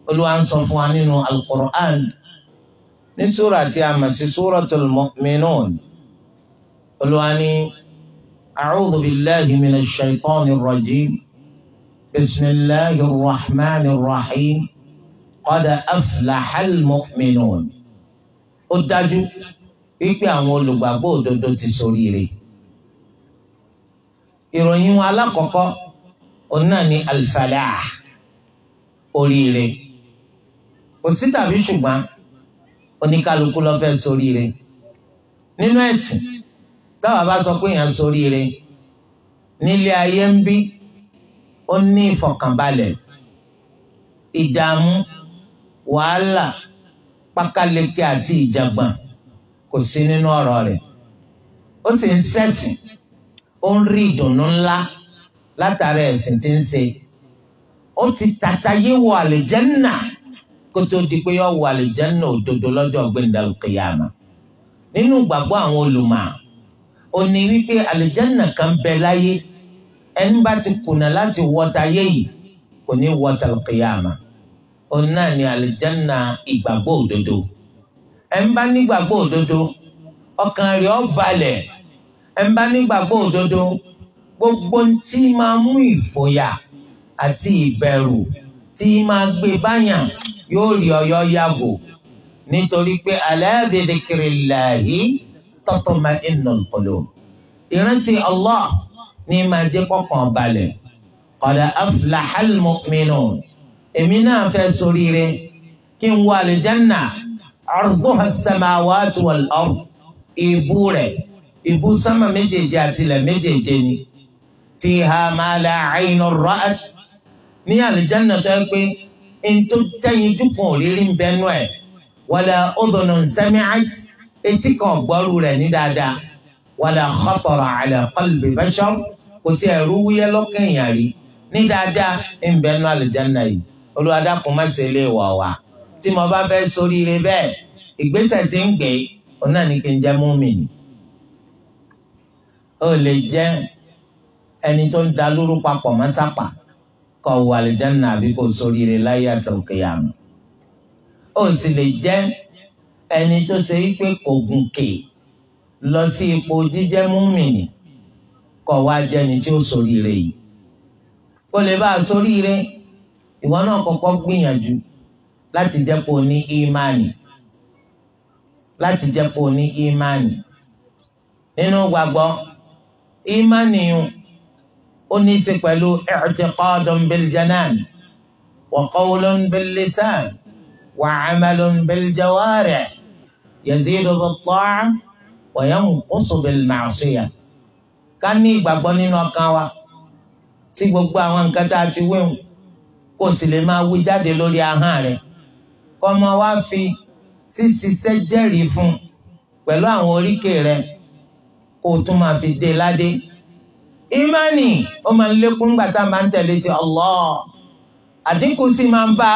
olúwa ń sọ fún wa nínú al-Qur'an ní sóra tí a mọ̀ sí suratul mu'minun olúwa ní a'udhu billahi minash shaytanir rajim bismillahir rahmanir rahim qad aflahal mu'minun ó dájú wípé àwọn olùgbàgbọ́ òdodo ti ṣoríire ìròyìn wọn alákọ̀ọ́kọ́ òun ni al oríire kò sí tàbí ṣùgbọ́n oníkálukú ló fẹ́ soríire nínú ẹ̀sìn táwa bá sọ pé èèyàn soríire nílé ayé ń bí ó ní ìfọ̀kànbalẹ̀ ìdààmú wàhálà pákáleke àti ìjàgbọ̀n kò sí nínú ọ̀rọ̀ rẹ̀ ó sì ń ṣẹ̀sìn ó ń rí ìdùnnú ńlá látara ẹ̀sìn tí ń ṣe ó ti tàtàyé wọ àlùjánnà kótó di pé yọ wà lè jẹ́ nà òdodo lọ́jọ́ gbẹ̀ndàlù kìyàmà nínú gbàgbọ́ àwọn olùmọ̀ ò ní wípé àlìjẹ́nà kan bẹ láyé ẹni bá ti kùnà láti wọta ayé yìí kò ní wọta kìyàmà òun náà ni àlìjẹ́nà ìgbàgbọ́ òdodo ẹni bá nígbàgbọ́ òdodo ọkàn rẹ̀ ó balẹ̀ ẹni bá nígbàgbọ́ òdodo gbogbo ntí máa mú ìfòyà àti ìbẹ̀rù tí máa gbé báyà yóò rí ọyọ yàgò nítorí pé ala bi dhikrillahi tatma'innul qulub ìrántí Allah ní máa jẹ́ kọ́kàn balẹ̀ qad aflahal mu'minun èmi náà fẹ́ soríire kí n wọ àlìjánà arduha as-samawati wal ard ìbú rẹ̀ ìbú sámà méjèèjì àtìlẹ̀ méjèèjì ni fiha ma la aynun ra'at ní àlìjáná tó yẹ pé ẹni tó jẹ́yinjú kan ò rí rí ń bẹ́nu ẹ̀ wala udhunun sami'at etí kan gbọ́rù rẹ̀ ní dáadáa wala khatara ala qalbi bashar kò tí ẹ̀ rú wúyẹ́ lọ́kàn èèyàn rí ní dáadáa ń bẹ́nu àlìjáná yìí Olúwa dákun má ṣe lè wà wá tí mo bá fẹ́ soríire bẹ́ẹ̀ ìgbésẹ̀ tí ń gbé òun náà ní kí n jẹ́ múmìnì ó lè jẹ́ ẹni tó ń da lóru papọ̀ mọ́sápàá kó wọ àlìjáná àbí kó soríire láyé àtọkẹyàmù ó sì lè jẹ́ ẹni tó ṣe wípé kò gùnkè lọ sí ipò jíjẹ́ múmìnì kó wá jẹni tí ó soríire yìí kó lè bá a soríire ìwọ náà kọ́kọ́ gbìyànjú láti jẹpọ ní ìmánì láti jẹpọ ní ìmánì nínú gbàgbọ́ ìmánì yìí ó ní í ṣe pẹ̀lú i'tiqadun bil janan wa qawlun bil lisan wa 'amalun bil jawarih yazidu bit ta'a wa yanqusu bil ma'siyah ká ní ìgbàgbọ́ nínú ọkàn wa tí gbogbo àwọn nǹkan tá a ti wéhùn kò sì lè máa wí jáde lórí ahọ́n rẹ̀ kọ́ ọmọ wa fi ṣíṣiṣẹ́ jẹ́rìí fún pẹ̀lú àwọn oríkèé rẹ̀ kó o tún máa fi dé ládé. Imani ó máa ń lékún nígbà tá à ń ń tẹ̀lé ti Allah àdínkù sì máa ń bá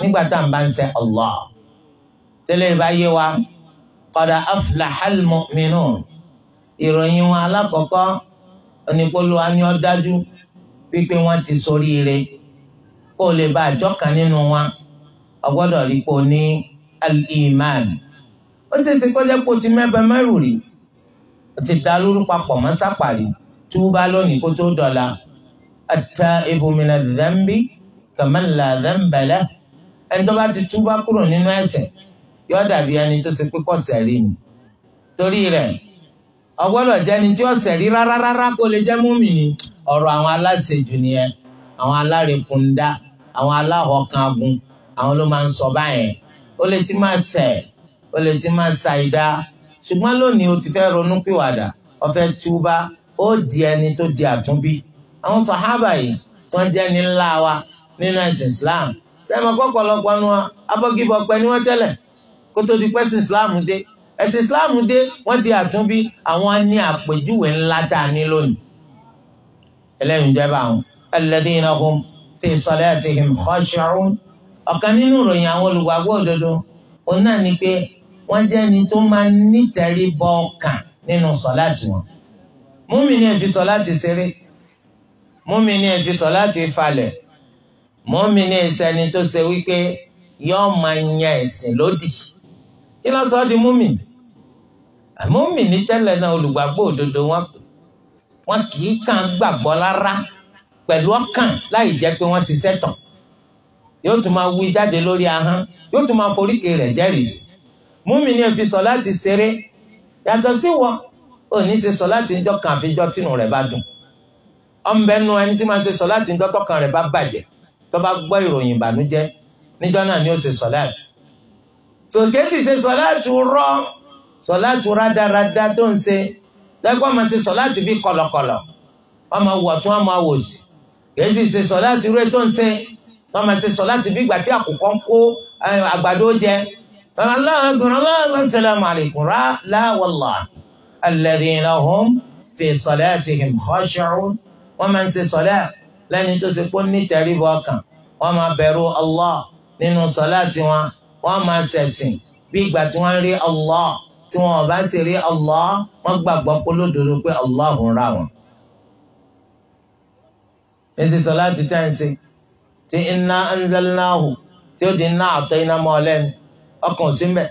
nígbà tá à ń ń ṣe Allah tẹ́lẹ̀ bá yé wa qad aflahal mu'minun ìròyìn wọn alákọ̀ọ́kọ́ onípolówó ni ó dájú wípé wọ́n ti ṣoríire kó o lè bá àjọ kan nínú wọn ọgbọ́dọ̀ rí pò ní al-iman ó sì ṣe kó jẹ́ ti mẹ́bẹ mẹ́rù rí o ti dá lórúkọ pọ̀ mọ́ sápàrí túbá lónìí kó tó dọ̀la at-taibu mina dhanbi kaman la dhanba lahu ẹni tó bá ti túbá kúrò nínú ẹ̀ṣẹ̀ yóò dàbí ẹni tó ṣe pé kò ni torí rẹ̀ ó gbọ́dọ̀ jẹ́ni tí ó ṣẹ̀ rí rárá kó lè jẹ́ mùmínì ọ̀rọ̀ àwọn aláṣejù nìyẹn àwọn alárekunda àwọn aláhọ̀kangun àwọn ló máa ń sọ báyẹn ó lè ti máa ṣẹ̀ ó lè ti máa ṣàìdá ṣùgbọ́n lónìí o ti fẹ́ ronú pìwàdà o fẹ́ ó di ẹni tó di àtúnbí àwọn sàhábà yìí tí wọ́n jẹ́ ní ńlá wa nínú ẹ̀sìn Islam sẹ́mi ọ̀pọ̀lọpọ̀ nu abọ́gibọ̀pẹ ni wọ́n tẹ́lẹ̀ kó tó di pẹ́sìn Islam dé ẹ̀sìn Islam dé wọ́n di àtúnbí àwọn ní àpèjúwe ńlá tá a ní lónìí ẹlẹ́yìn jẹ́bà àwọn alladhina hum fi salatihim khashi'un ọ̀kan nínú ìròyìn àwọn olùgbàgbọ́ òdodo òun náà ni pé wọ́n jẹ́ ni tó máa ń nítẹríba ọkàn nínú sọ̀láàtì wọn múmìnì ẹ fi sọ láti ṣeré múmìnì ẹ fi sọ láti falẹ̀ múmìnì ìsẹni tó ṣe wípé yóò máa yan ẹ̀sìn lódì kí ló sọ di múmìnì múmìnì tẹ́lẹ̀ náà olùgbàgbọ́ òdodo wọn pè wọn kì í kàn gbàgbọ́ rárá pẹ̀lú ọkàn láì jẹ́ pé wọ́n ṣiṣẹ́ tán yóò tún máa wí jáde lórí ahọ́n yóò tún máa foríkè rẹ̀ jẹ́rìí sí múmìnì ẹ fi sọ láti ṣeré yàtọ̀ sí wọn ò ní ṣe sọ láti njọ́ kan àfijọ́ tínú rẹ̀ bá dùn ọ̀nbẹ nu ẹni tí máa ṣe sọ láti njọ́ tọkàn rẹ̀ bá bàjẹ́ tó bá gbọ́ ìròyìn ìbànújẹ́ níjọ́ náà ni ó ṣe sọ láti sòkè sì ṣe sọ láti rọ sọ láti rádaràda tó ń ṣe lẹ́gbọ́n máa ṣe sọ láti bí kọ̀lọ̀kọ̀lọ̀ wọ́n máa wọ̀ tún wọ́n máa wò sí kì ṣe sọ láti rú ètò ń ṣe wọ́n máa ṣe sọ láti bí ìgbà tí kó àgbàdo jẹ Allahu akbar Allahu assalamu alaikum lá wallahi alladhina hum fi salatihim khashi'un wọ́n máa ń ṣe sọ̀lá lẹ́ni tó ṣe pé ní tẹ̀ríbọ̀ ọkàn wọ́n máa bẹ̀rù Allah nínú sọ̀lá tiwọn wọ́n máa ṣẹ̀sìn bí ìgbà tí wọ́n rí Allah tí wọn ò bá sì rí Allah wọ́n gbàgbọ́ pé lódodo pé Allah ń ra wọn. Èsì sọ̀lá ti tẹ́ ń ṣe tí inna anzalnahu tí ó di inna àtọ́ iná mọ́ ọ lẹ́nu ọkàn sí mẹ́ẹ̀.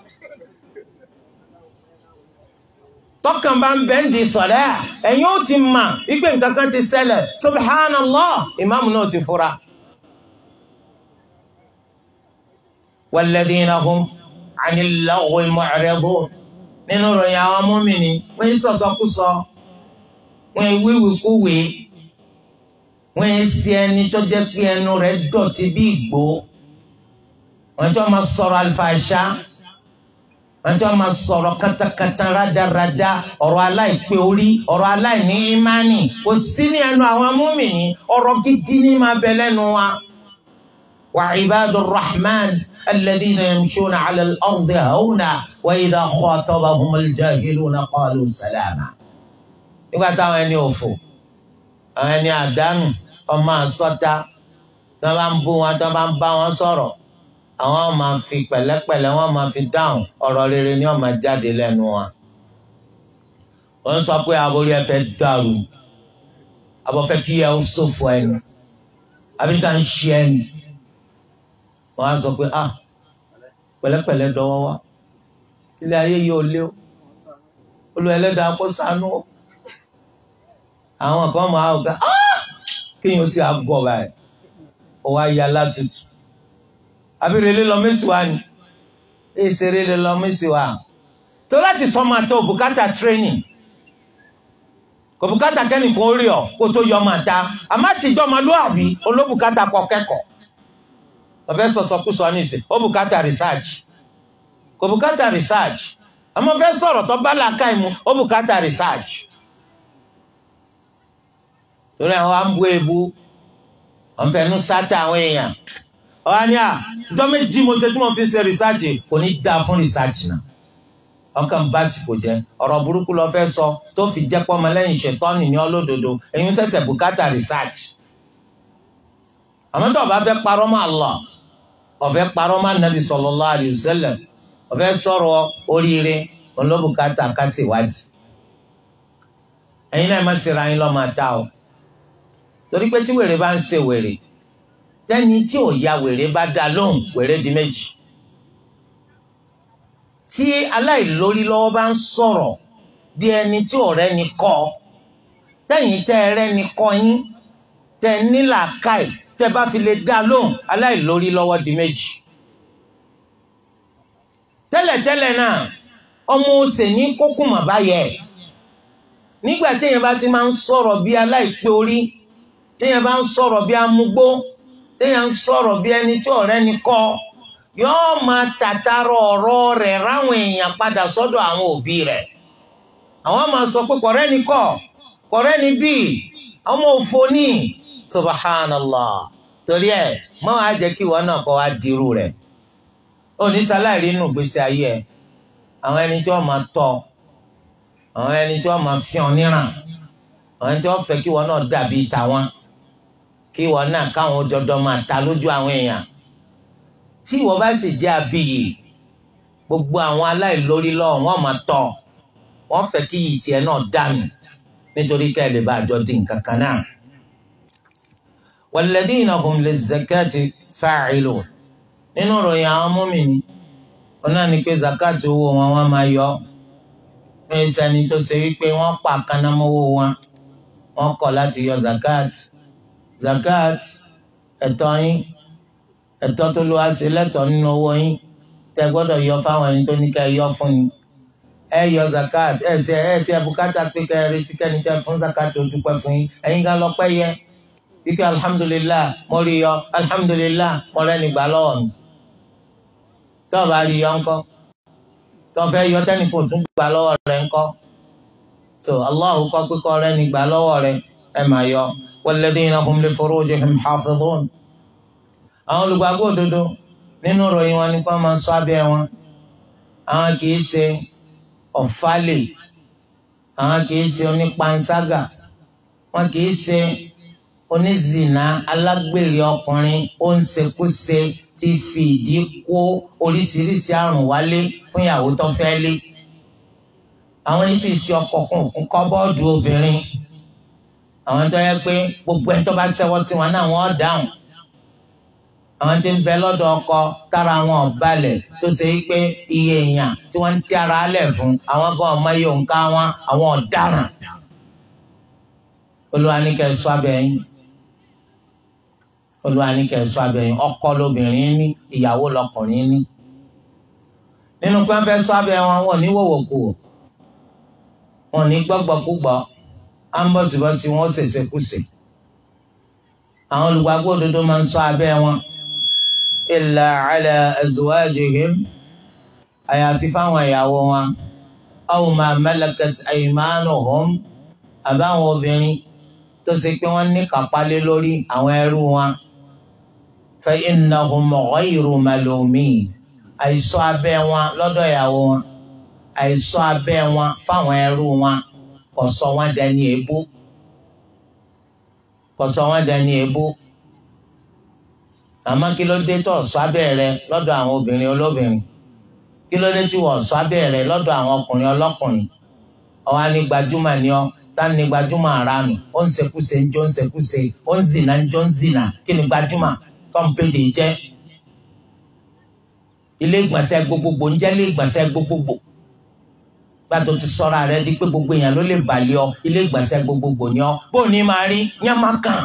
tọkàn bá ń bẹ ń di sọ̀lẹ́ ẹ̀yin ó ti mà wípé nǹkan kan ti ṣẹlẹ̀ subhanallah ìmáàmù náà ti fura. walladhina hum 'anil lagwi mu'ridun nínú ìròyìn àwọn mùmínì wọ́n ń sọ̀sọ́kúsọ wọ́n ń wíwìkúwì wọ́n ń ṣe ẹni tó jẹ́ pé ẹnu rẹ̀ dọ̀tí bí ìgbó wọ́n jọ máa sọ̀rọ̀ àlùfáàṣá rántí wọn máa sọ̀rọ̀ katakata rádaràda ọ̀rọ̀ aláìpé orí ọ̀rọ̀ aláìní ìmánì kò sí ní ẹnu àwọn múmìnì ọ̀rọ̀ gidi ní máa bẹ lẹ́nu wa. wa ibadur rahman alladhina yamshuna ala al-ardi hawna wa idha khatabahumul jahiluna qalu salama. nígbà táwọn ẹni òfò àwọn ẹni àdánù ọmọ àsọta tí wọn bá ń bú wọn tí wọn bá ń bá wọn sọ̀rọ̀ àwọn máa fi pẹ̀lẹ́pẹ̀lẹ́ wọ́n máa fi dáhùn ọ̀rọ̀ rere ni wọ́n máa jáde lẹ́nu wa. wọ́n sọ pé aborí ẹ fẹ́ dàrú abọ́fẹ́ kí ẹ ó ṣòfò ẹnu àbíta ń ṣe ẹni. wọ́n á sọ pé ah pẹ̀lẹ́pẹ̀lẹ́ dọwọ́ wa ilé ayé yóò lé o olú ẹlẹ́dàá kó sànú o àwọn kan máa wò pé ah kéèyàn ó sì àgọ́ báyìí ó wá yá látùtù abirele lọ mẹ́sì wa ni èsèré lè lọ mẹ́sì wa tó láti sọmọ àtọ bùkátà training kò bùkátà kẹ́nìkan ó rí ọ kó tó yọ ọmọ àta àmọ́ àtijọ́ ọmọlúwàbí olóbùkátà kọ kẹ́kọ̀ọ́ ọ̀fẹ́ sọ̀sọ̀kúsọ ní ìsìn ó bùkátà research kò bùkátà research àmọ́ fẹ́ sọ̀rọ̀ tó bá làákàyè mu ó bùkátà research torí àwọn ambu ebu ọ̀nfẹ́nu sátà àwọn èèyàn ọ̀hán ni à jọ méjì mo ṣe tí mo fi ṣe rìsáàjì kò ní dáa fún rìsáàjì náà ọkàn bá sìkò jẹ ọ̀rọ̀ burúkú lọ fẹ́ sọ tó fi jẹ́ pọ́ ọmọlẹ́yìn ṣètọ́nì ní ọlódodo èyí ń bùkátà rìsáàjì àmọ́ tó o bá fẹ́ parọ́ mọ́ Allah o fẹ́ parọ́ mọ́ Nabi sallallahu alaihi wasallam o fẹ́ sọ̀rọ̀ oríire olóbùkátà kásìwádìí ẹ̀yin náà má ṣe ra yín lọ́ọ́ máa dá o torí pé tí wèrè bá ń ṣe wèrè tẹ́ni tí ò ya wèrè bá dá lóhùn wèrè di méjì tí aláìlórí lọ́wọ́ bá ń sọ̀rọ̀ bí ẹni tí ọ̀rẹ́ ni kọ́ tẹ́yìn tẹ́ ẹrẹ́ ni kọ́ yín tẹ́ nílàákàì tẹ́ bá fi lè dá lóhùn aláìlórí lọ́wọ́ di méjì tẹ́lẹ̀tẹ́lẹ̀ náà ọmọ òsè ní kókùmọ̀ báyẹ̀ nígbà téèyàn bá ti máa ń sọ̀rọ̀ bí aláìpé orí téèyàn bá ń sọ̀rọ̀ bí amúgbó téèyàn ń sọ̀rọ̀ bí ẹni tí ọ̀rẹ́ ni kọ́ yóò máa tàtàrọ̀ ọ̀rọ̀ rẹ̀ ráwọn èèyàn padà sọ́dọ̀ àwọn òbí rẹ̀ àwọn máa sọ pé kọ̀rẹ́ ni kọ́ kọ̀rẹ́ ni bí ọmọ òfo ní torí ẹ má kí ìwọ náà wá dirú oníṣàlàyé gbèsè ayé ẹ àwọn ẹni tí máa àwọn ẹni tí máa fi ọ náà dàbí tàwọn. kí wọn náà káwọn jọdọ máa ta lójú àwọn èèyàn tí ìwọ bá sì jẹ́ abiyì gbogbo àwọn aláìlórí lọ́rùn wọn máa tọ̀ wọ́n fẹ́ kí yìí tiẹ̀ náà dànù nítorí ká ẹ lè bá àjọ dín kankan náà. walladhina hum lizzakati fa'ilun nínú ìròyìn àwọn mùmínì wọn náà ní pé zakati owó wọn wọn máa yọ ní ìsẹni tó ṣe wípé wọ́n pa kanámọ́wó wọn wọ́n kọ̀ láti yọ zakati zakat ẹ̀tọ́ yín ẹ̀tọ́ tó ló wá sí lẹ́tọ̀ọ́ nínú owó yín tẹ́ gbọ́dọ̀ yọ fáwọn ẹni tó ní ká yọ fún yín ẹ yọ zakat ẹ ṣe ẹ tiẹ̀ bùkátà pé ká retí kẹ́ni tẹ́ fún zakat ó dúpẹ́ fún yín ẹ̀yin ká lọ pẹ́ yẹ wípé alhamdulilah mo rí yọ alhamdulilah mo rẹ́ni gbà lọ́wọ́ mi tó o bá rí yọ ńkọ́ tó yọ tẹ́ni kò tún gbà lọ́wọ́ rẹ ńkọ́ so Allah kọ́ pé kọ́ rẹ́ni gbà lọ́wọ́ rẹ ẹ máa yọ walladhina hum li furujihim hafidhun àwọn olùgbàgbọ́ òdodo nínú ìròyìn wọn ni kí wọ́n máa ṣọ́ abẹ́ wọn àwọn kì í ṣe ọ̀fálè àwọn kì í ṣe onípanṣágà wọn kì í ṣe onízìnà alágbèrè ọkùnrin ó ti fi ìdí kó oríṣiríṣi àrùn wálé fún ìyàwó tó fẹ́ lé àwọn yìí sì ṣe ọkọ̀ kún kọ́bọ́ọ̀dù obìnrin àwọn tó yẹ pé gbogbo ẹ tó bá ṣẹwọ́ sí wọn náà wọ́n dáhùn àwọn tí ń bẹ lọ́dọ̀ ọkọ tára wọn ò tó ṣe é pé iye èèyàn tí wọ́n ń tí ara lẹ̀ fún àwọn kan ọmọ yìí òǹkà wọn àwọn ọ̀daràn olùwànìkẹ́ sọ abẹ́yìn olùwànìkẹ́ sọ abẹ́yìn ọkọ lobìnrin ní ìyàwó lọkùnrin ní nínú pẹ́ńpẹ́ sọ abẹ́ wọn wọn ní wòwòkù wọn ní gbọ́gbọ́kúgbọ́ ambọ̀sibọ́sí wọn ṣẹ̀ṣẹ̀ kùsè àwọn olùgbàgbọ́ òdodo máa ń ṣọ abẹ́ wọn illa ala azwajihim àyàfi fáwọn ìyàwó wọn aw ma malakat aymanuhum àbáwọn obìnrin tó ṣe pé wọ́n ní kápálẹ́ lórí àwọn ẹrú wọn fa innahum ghayru malumin àìṣọ́ abẹ́ wọn lọ́dọ̀ ìyàwó wọn àìṣọ́ abẹ́ wọn fáwọn ẹrú wọn kò sọ wọ́n dání èébú kò sọ wọ́n dání èébú àmọ́ kí ló dé tó sọ abẹ́ rẹ lọ́dọ̀ àwọn obìnrin olóbìnrin kí ló dé tí wọ́n sọ abẹ́ rẹ lọ́dọ̀ àwọn ọkùnrin ọlọ́kùnrin ọ̀hún á ní gbajúmọ̀ ni ọ́ táwọn ní gbajúmọ̀ ara nù ó ń ṣekúṣe ń jó ń ṣekúṣe ó ń zìnà ń jó ń zìnà kí ni gbajúmọ̀ tó ń ilé ìgbọ̀nsẹ̀ gbogbogbò ń jẹ́ ilé ìgbọ̀nsẹ̀ gbogbogbò gbàtò ti sọra rẹ di pé gbogbo èèyàn ló lè balẹ̀ ọ ilé ìgbọ̀nsẹ̀ gbogbogbò ni ọ bó ní máa rí yẹn máa kàn.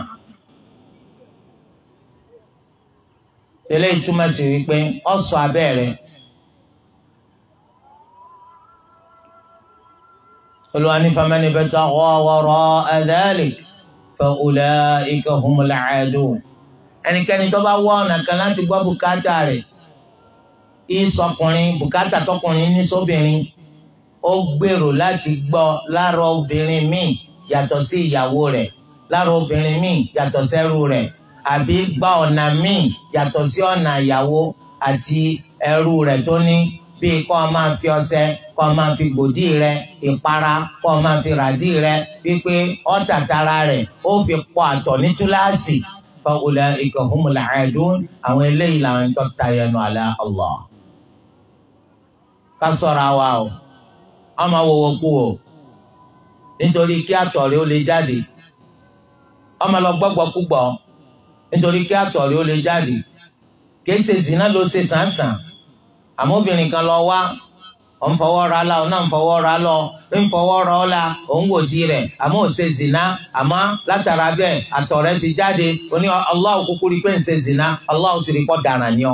tẹ́lẹ̀ ìtumọ̀ sí wípé ọ̀sọ abẹ́ rẹ olùwà ní famẹ́ni bẹ́ẹ̀ tó àwọn ọ̀rọ̀ ẹ̀dẹ́ẹ̀lì fa ulaika humul aadun ẹnikẹ́ni tó bá wọ ọ̀nà kan láti gbọ́ bùkátà rẹ̀ ìsọkùnrin bùkátà tọkùnrin ní sóbìnrin. So ó gbèrò láti gbọ́ lára obìnrin míì yàtọ̀ sí ìyàwó rẹ̀ lára obìnrin míì yàtọ̀ sẹ́rù rẹ̀ àbí gba ọ̀nà míì yàtọ̀ sí ọ̀nà ìyàwó àti ẹrú rẹ̀ tó ní bíi kọ́ ọ máa fi ọṣẹ kọ́ ọ máa fi gbòdì rẹ ìpara kọ́ ọ máa fi ràdí rẹ wípé ọ̀tàtàrà rẹ̀ ó fi pọ̀ àtọ̀ ní túláàsì fọwọ́lẹ̀ ìkọ̀húnmùlà ẹ̀dùn àwọn eléyìí làwọn ń tọ́ tayẹnu àlẹ́ Allah. ká sọ̀rọ̀ àwa o. a máa wọwọ kú o nítorí kí àtọ̀ rẹ ó lè jáde a máa lọ gbọ́gbọ́ kúgbọ́ nítorí kí àtọ̀ rẹ ó lè jáde kìí ṣe zina ló ṣe sàǹsàn àmọ́ kan lọ wá ò ń fọwọ́ ra la òun náà ń fọwọ́ ra lọ ń fọwọ́ ra ọ́ la rẹ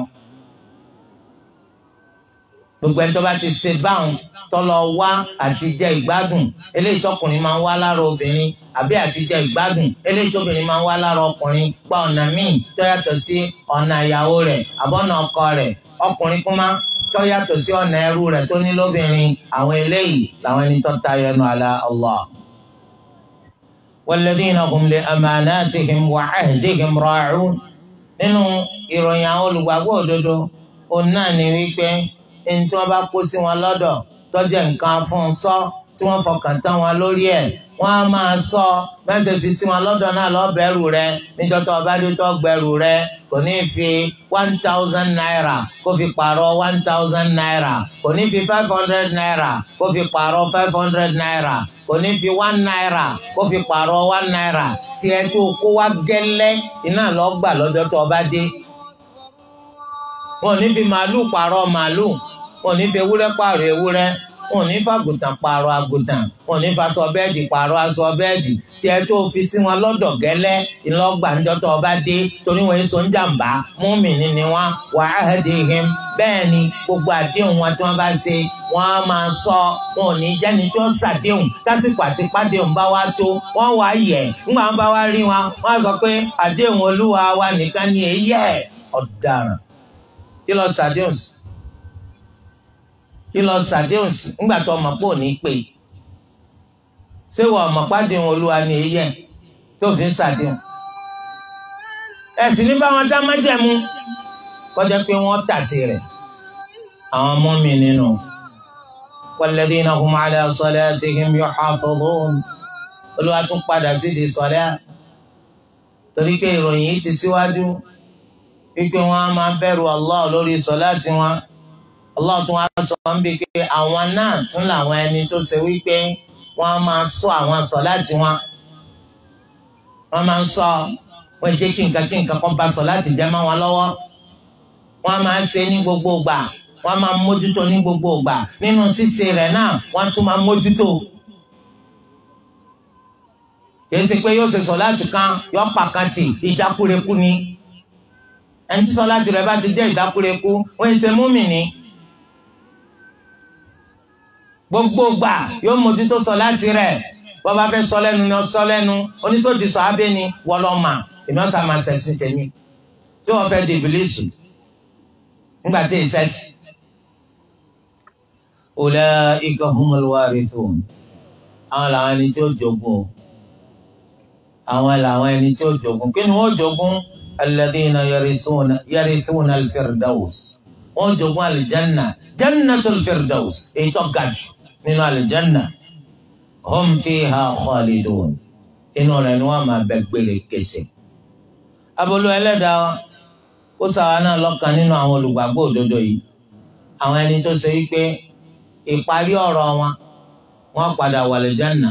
gbogbo ẹni tó bá ti ṣe báwọn tọlọ wá àti jẹ ìgbádùn eléyìí tọkùnrin máa ń wá lára obìnrin àbí àti jẹ ìgbádùn eléyìí tóbìnrin máa ń wá lára ọkùnrin gba ọ̀nà míì tó yàtọ̀ sí ọ̀nà ìyàwó rẹ̀ àbọ̀nà ọkọ rẹ̀ ọkùnrin kúmá tó yàtọ̀ sí ọ̀nà ẹrú rẹ̀ tó ní lóbìnrin àwọn eléyìí làwọn ẹni tó tayọ ẹnu àlà Allah. walladhina hum li wa ahdihim ra'un nínú ìròyìn àwọn olùgbàgbọ́ òdodo ẹni tí wọ́n bá kó sí wọn lọ́dọ̀ tọ́jú nǹkan fún un sọ tí wọ́n fọkàn tán wọn lórí ẹ̀ wọ́n á máa sọ mẹ́sẹ̀ fi sí wọn lọ́dọ̀ náà lọ́bẹ̀rù rẹ níjọ́ tó bá dé rẹ kò ní fi one thousand naira kó fi pààrọ̀ one thousand naira kò ní fi five hundred naira kó fi pààrọ̀ five hundred naira kò ní fi one naira kó fi pààrọ̀ one naira tiẹ̀ tó kó wá gẹ́lẹ́ iná lọ́gbà lọ́jọ́ tó bá dé wọn ò ní fi màálùú pààrọ̀ màálùú wọn ò ní fi ewúrẹ́ pààrọ̀ ewúrẹ́ wọn ò ní fa pààrọ̀ àgùntàn wọn ò ní fa aṣọ bẹ́ẹ̀dì pààrọ̀ aṣọ bẹ́ẹ̀dì tí ẹ tó fi sí wọn lọ́dọ̀ gẹ́lẹ́ ìlọ́gbà ọba dé torí wọn èso ń jàǹbá ni wọn wà á him bẹ́ẹ̀ ni gbogbo àdéhùn wọn tí wọ́n bá ṣe wọ́n á máa sọ wọn ò ní jẹ́ni tí wọ́n ṣàdéhùn lásìkò àti pàdéhùn bá tó wọ́n yẹ̀ wọn bá rí wọn wọ́n á sọ pé àdéhùn olúwa wa nìkan ni èyí ẹ̀ ọ̀daràn kí lọ sàdéhùn sí kí lọ sàdéhùn sí ńgbà tó ọmọ pò ní pè ṣé wọ ọmọ pàdéhùn olúwa ni èyí ẹ tó fi ń sàdéhùn ẹ sì ní bá wọn dá májẹ̀mú kọjá pé wọn tàsé rẹ àwọn ọmọ mi nínú walladhina hum ala salatihim yuhafidhun olúwa tún padà sídìí sọlẹ torí pé ìròyìn ti síwájú. Si wípé wọn a máa bẹ̀rù Allah lórí sọláàtì wọn Allah tún wá sọ wọn bíi pé àwọn náà tún làwọn ẹni tó ṣe wípé wọn a máa sọ àwọn sọláàtì wọn wọn máa ń sọ wọn jẹ́ kí nǹkan kí nǹkan kan bá wọn lọ́wọ́ wọn máa ṣe ní gbogbo ìgbà wọn máa mójútó ní gbogbo ìgbà nínú ṣíṣe rẹ̀ náà wọn tún máa ẹni tí sọlá tirẹ̀ bá ti jẹ́ ìdákúrekú ó ń ṣe múmìnì gbogbo gbà yóò mójútó sọlá tirẹ̀ wọ́n bá fẹ́ sọ lẹ́nu ni ọ sọ lẹ́nu oníṣòdì abẹ́ ni wọlọ́mà èmi ọ̀sà máa ṣẹ̀sìn tèmi tí wọ́n fẹ́ di ìbílísù nígbà tí ì ṣẹ̀sìn. ulaika humul warithun àwọn làwọn ẹni tí ó jogún àwọn làwọn ẹni tí ó jogún kí ni wọ́n jogún alladhina yarithuna yarithuna alfirdaus wọ́n jogún alìjánà jannatul firdaus èyí tó ga jù nínú alìjánà hum fiha khalidun inú rẹ̀ ni wọ́n máa bẹ gbére kése. abolo ẹlẹ́dàá wa ó sàwọn náà lọ́kàn nínú àwọn olùgbàgbọ́ òdodo yìí àwọn ẹni tó ṣe wípé ìparí ọ̀rọ̀ wọn wọ́n padà wà alìjánà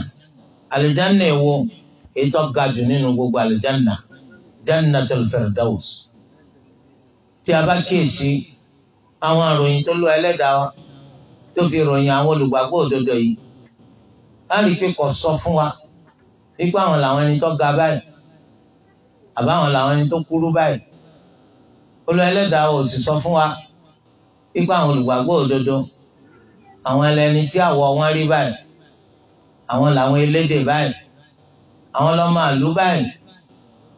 alìjánà èwo èyí tó ga jù nínú gbogbo alìjánà jannatul firdaus tí a bá kíyèsí àwọn àròyìn tó lọ ẹlẹ́dàá wa tó fi ròyìn àwọn olùgbàgbọ́ òdodo yìí á rí i pé kò sọ fún wa wípé àwọn làwọn ẹni tó ga báyìí àbáwọn làwọn ẹni tó kúrú báyìí olú ẹlẹ́dàá ò sì sọ fún wa wípé àwọn olùgbàgbọ́ òdodo àwọn ẹlẹ́ni tí àwọ̀ wọn rí báyìí àwọn làwọn elédè báyìí àwọn lọ́mọ àlú báyìí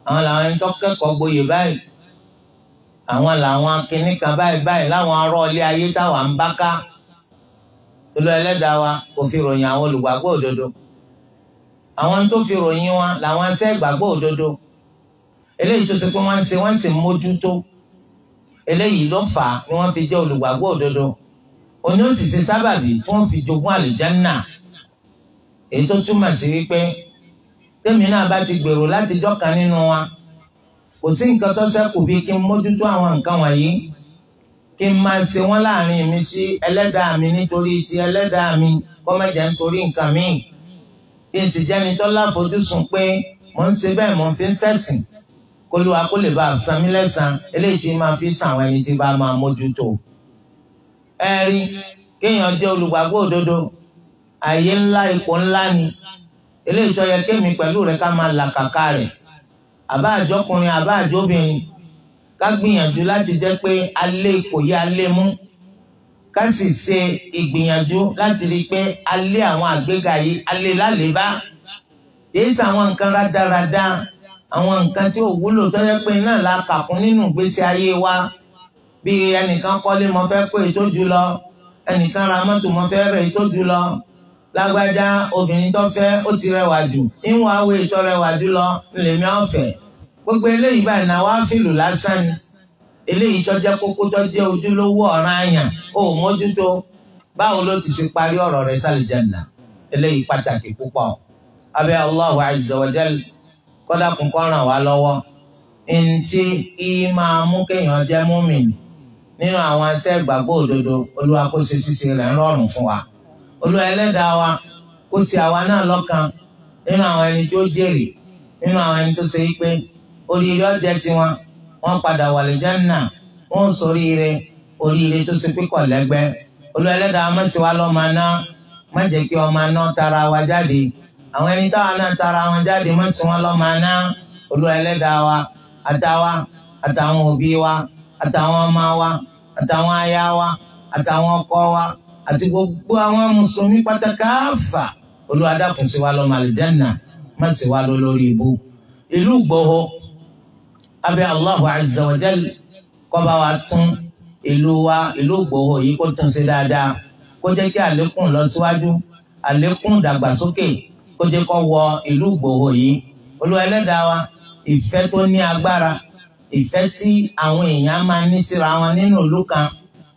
àwọn làwọn ẹni tó kẹ́kọ̀ọ́ gboyè báyìí àwọn làwọn akínníkà báyìí báyìí láwọn arọ ilé ayé táwa ń bá ká olú ẹlẹ́dàá wa kò fi ròyìn àwọn olùgbàgbọ́ òdodo àwọn tó fi ròyìn wa làwọn ṣe ìgbàgbọ́ òdodo eléyìí tó ti pé wọ́n ń ṣe wọ́n sì ń mójútó eléyìí ló fà á ni wọ́n fi jẹ́ olùgbàgbọ́ òdodo òní ó sábàbí tí wọ́n fi jogún àlùjánnà èyí tó túmọ̀ sí wípé tẹ́mi náà bá ti gbèrò láti jọ́kan nínú wa kò sí nǹkan tó ṣẹ́kù bí kí n mójútó àwọn nǹkan wọ̀nyí kí n máa ṣe wọ́n láàrin mi sí ẹlẹ́dàá mi nítorí ti ẹlẹ́dàá mi kọ́mẹ́jẹ̀ nítorí nǹkan míì kí n sì jẹ́ni tó láfojúsùn pé mò ń ṣe bẹ́ẹ̀ mò ń fi ń ṣẹ̀sìn kólúwa kó lè bá san mí lẹ́san eléyìí tí máa fi san àwọn ẹni tí bá máa mójútó. ẹ rí kéèyàn jẹ́ olùgbàgbọ́ òdodo àyè ńlá ipò ńlá ni eléyìí tó yẹ kémi pẹ̀lú rẹ ká máa là kàkà rẹ̀ àbá àjọkùnrin àbá àjọbìnrin ká gbìyànjú láti jẹ́ pé alẹ́ kò yẹ alẹ́ mú ká sì ṣe ìgbìyànjú láti rí i pé alẹ́ àwọn àgbéga yìí alẹ́ lálẹ́ bá èyí sàwọn nǹkan rádaràda àwọn nǹkan tí ò wúlò tó yẹ pé náà la kàkún nínú ìgbésí ayé wa bí ẹnìkan kọ́lé mo fẹ́ kó ètò jù lọ ẹnìkan ra mọ́tò mo fẹ́ rẹ̀ ètò jù lọ lágbájá obìnrin tó fẹ́ ó ti rẹwà jù níwọ̀n awo ètò rẹwà jù lọ lèmi ọ̀fẹ́ gbogbo eléyìí báyìí náà wá fìlù lásán ni eléyìí tó jẹ́ kókó tó jẹ́ ojúlówó ọ̀ràn àyàn ó mójútó báwo ló ti fi parí ọ̀rọ̀ rẹ̀ sálìjànà eléyìí pàtàkì púpọ̀ abẹ́ Allahu azza wa kọ́ ràn wá lọ́wọ́ ntí ìyí máa mú kéèyàn jẹ́ múmi nínú àwọn asẹ́ òdodo olúwa kó ṣe ṣíṣe rẹ̀ ń rọrùn fún wa olúwa ẹlẹ́dàá wa kó ṣe àwa náà lọ́kan nínú àwọn ẹni tó jèrè nínú àwọn ẹni tó ṣe é pé oríire ọ̀jẹ̀ tiwọn wọ́n padà wà lè jẹ́nà wọ́n sóríire oríire tó ṣe pé kọ̀lẹ́gbẹ́ olúwa ẹlẹ́dàá má ṣe wá lọ́mọ aná má jẹ́ kí ọmọ aná tara wa jáde àwọn ẹni táwọn náà tara wọn jáde má wọn lọ́mọ aná olúwa ẹlẹ́dàá wa àtàwa àtàwọn òbí wa àtàwọn ọmọ wa àtàwọn aya wa àtàwọn ọkọ wa àti gbogbo àwọn mùsùlùmí pátákáfà olùwàdàkùn sí wa lọ́mọ àlìjánà má sì wá lọ lórí ibú ìlú gbòho abẹ́ Allahu azza wa jal kó bá wa tún ìlú wa ìlú gbòho yìí kó tún sí dáadáa kó jẹ́ kí àlékún lọ síwájú àlékún dàgbàsókè kó jẹ́ kó wọ ìlú gbòho yìí Olúwa ìfẹ́ tó ní agbára ìfẹ́ tí àwọn èèyàn máa ní síra wọn nínú ìlú kan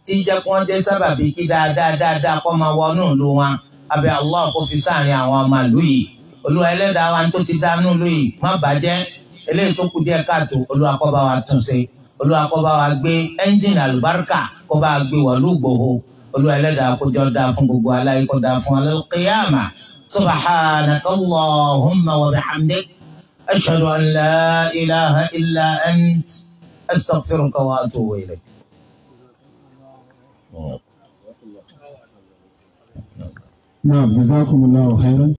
tí ń jẹ́ kí wọ́n jẹ́ sábàbí kí dáadáa dáadáa kọ́ máa wọnú ìlú wọn abẹ́ Allah kó fi sáàrin àwọn ọmọ ìlú yìí olúwa ẹlẹ́dàá wa tó ti dánú ìlú yìí má bàjẹ́ eléyìí tó kù díẹ̀ káàtó olúwa kó bá wa tún ṣe olúwa kó bá wa gbé ẹ́ńjìnì àlùbáríkà kó bá wa gbé wọ̀lú gbòho olúwa ẹlẹ́dàá kó jọ dáa fún gbogbo aláyé kó dáa fún al-qiyama subhanaka نعم. نعم جزاكم الله خيرا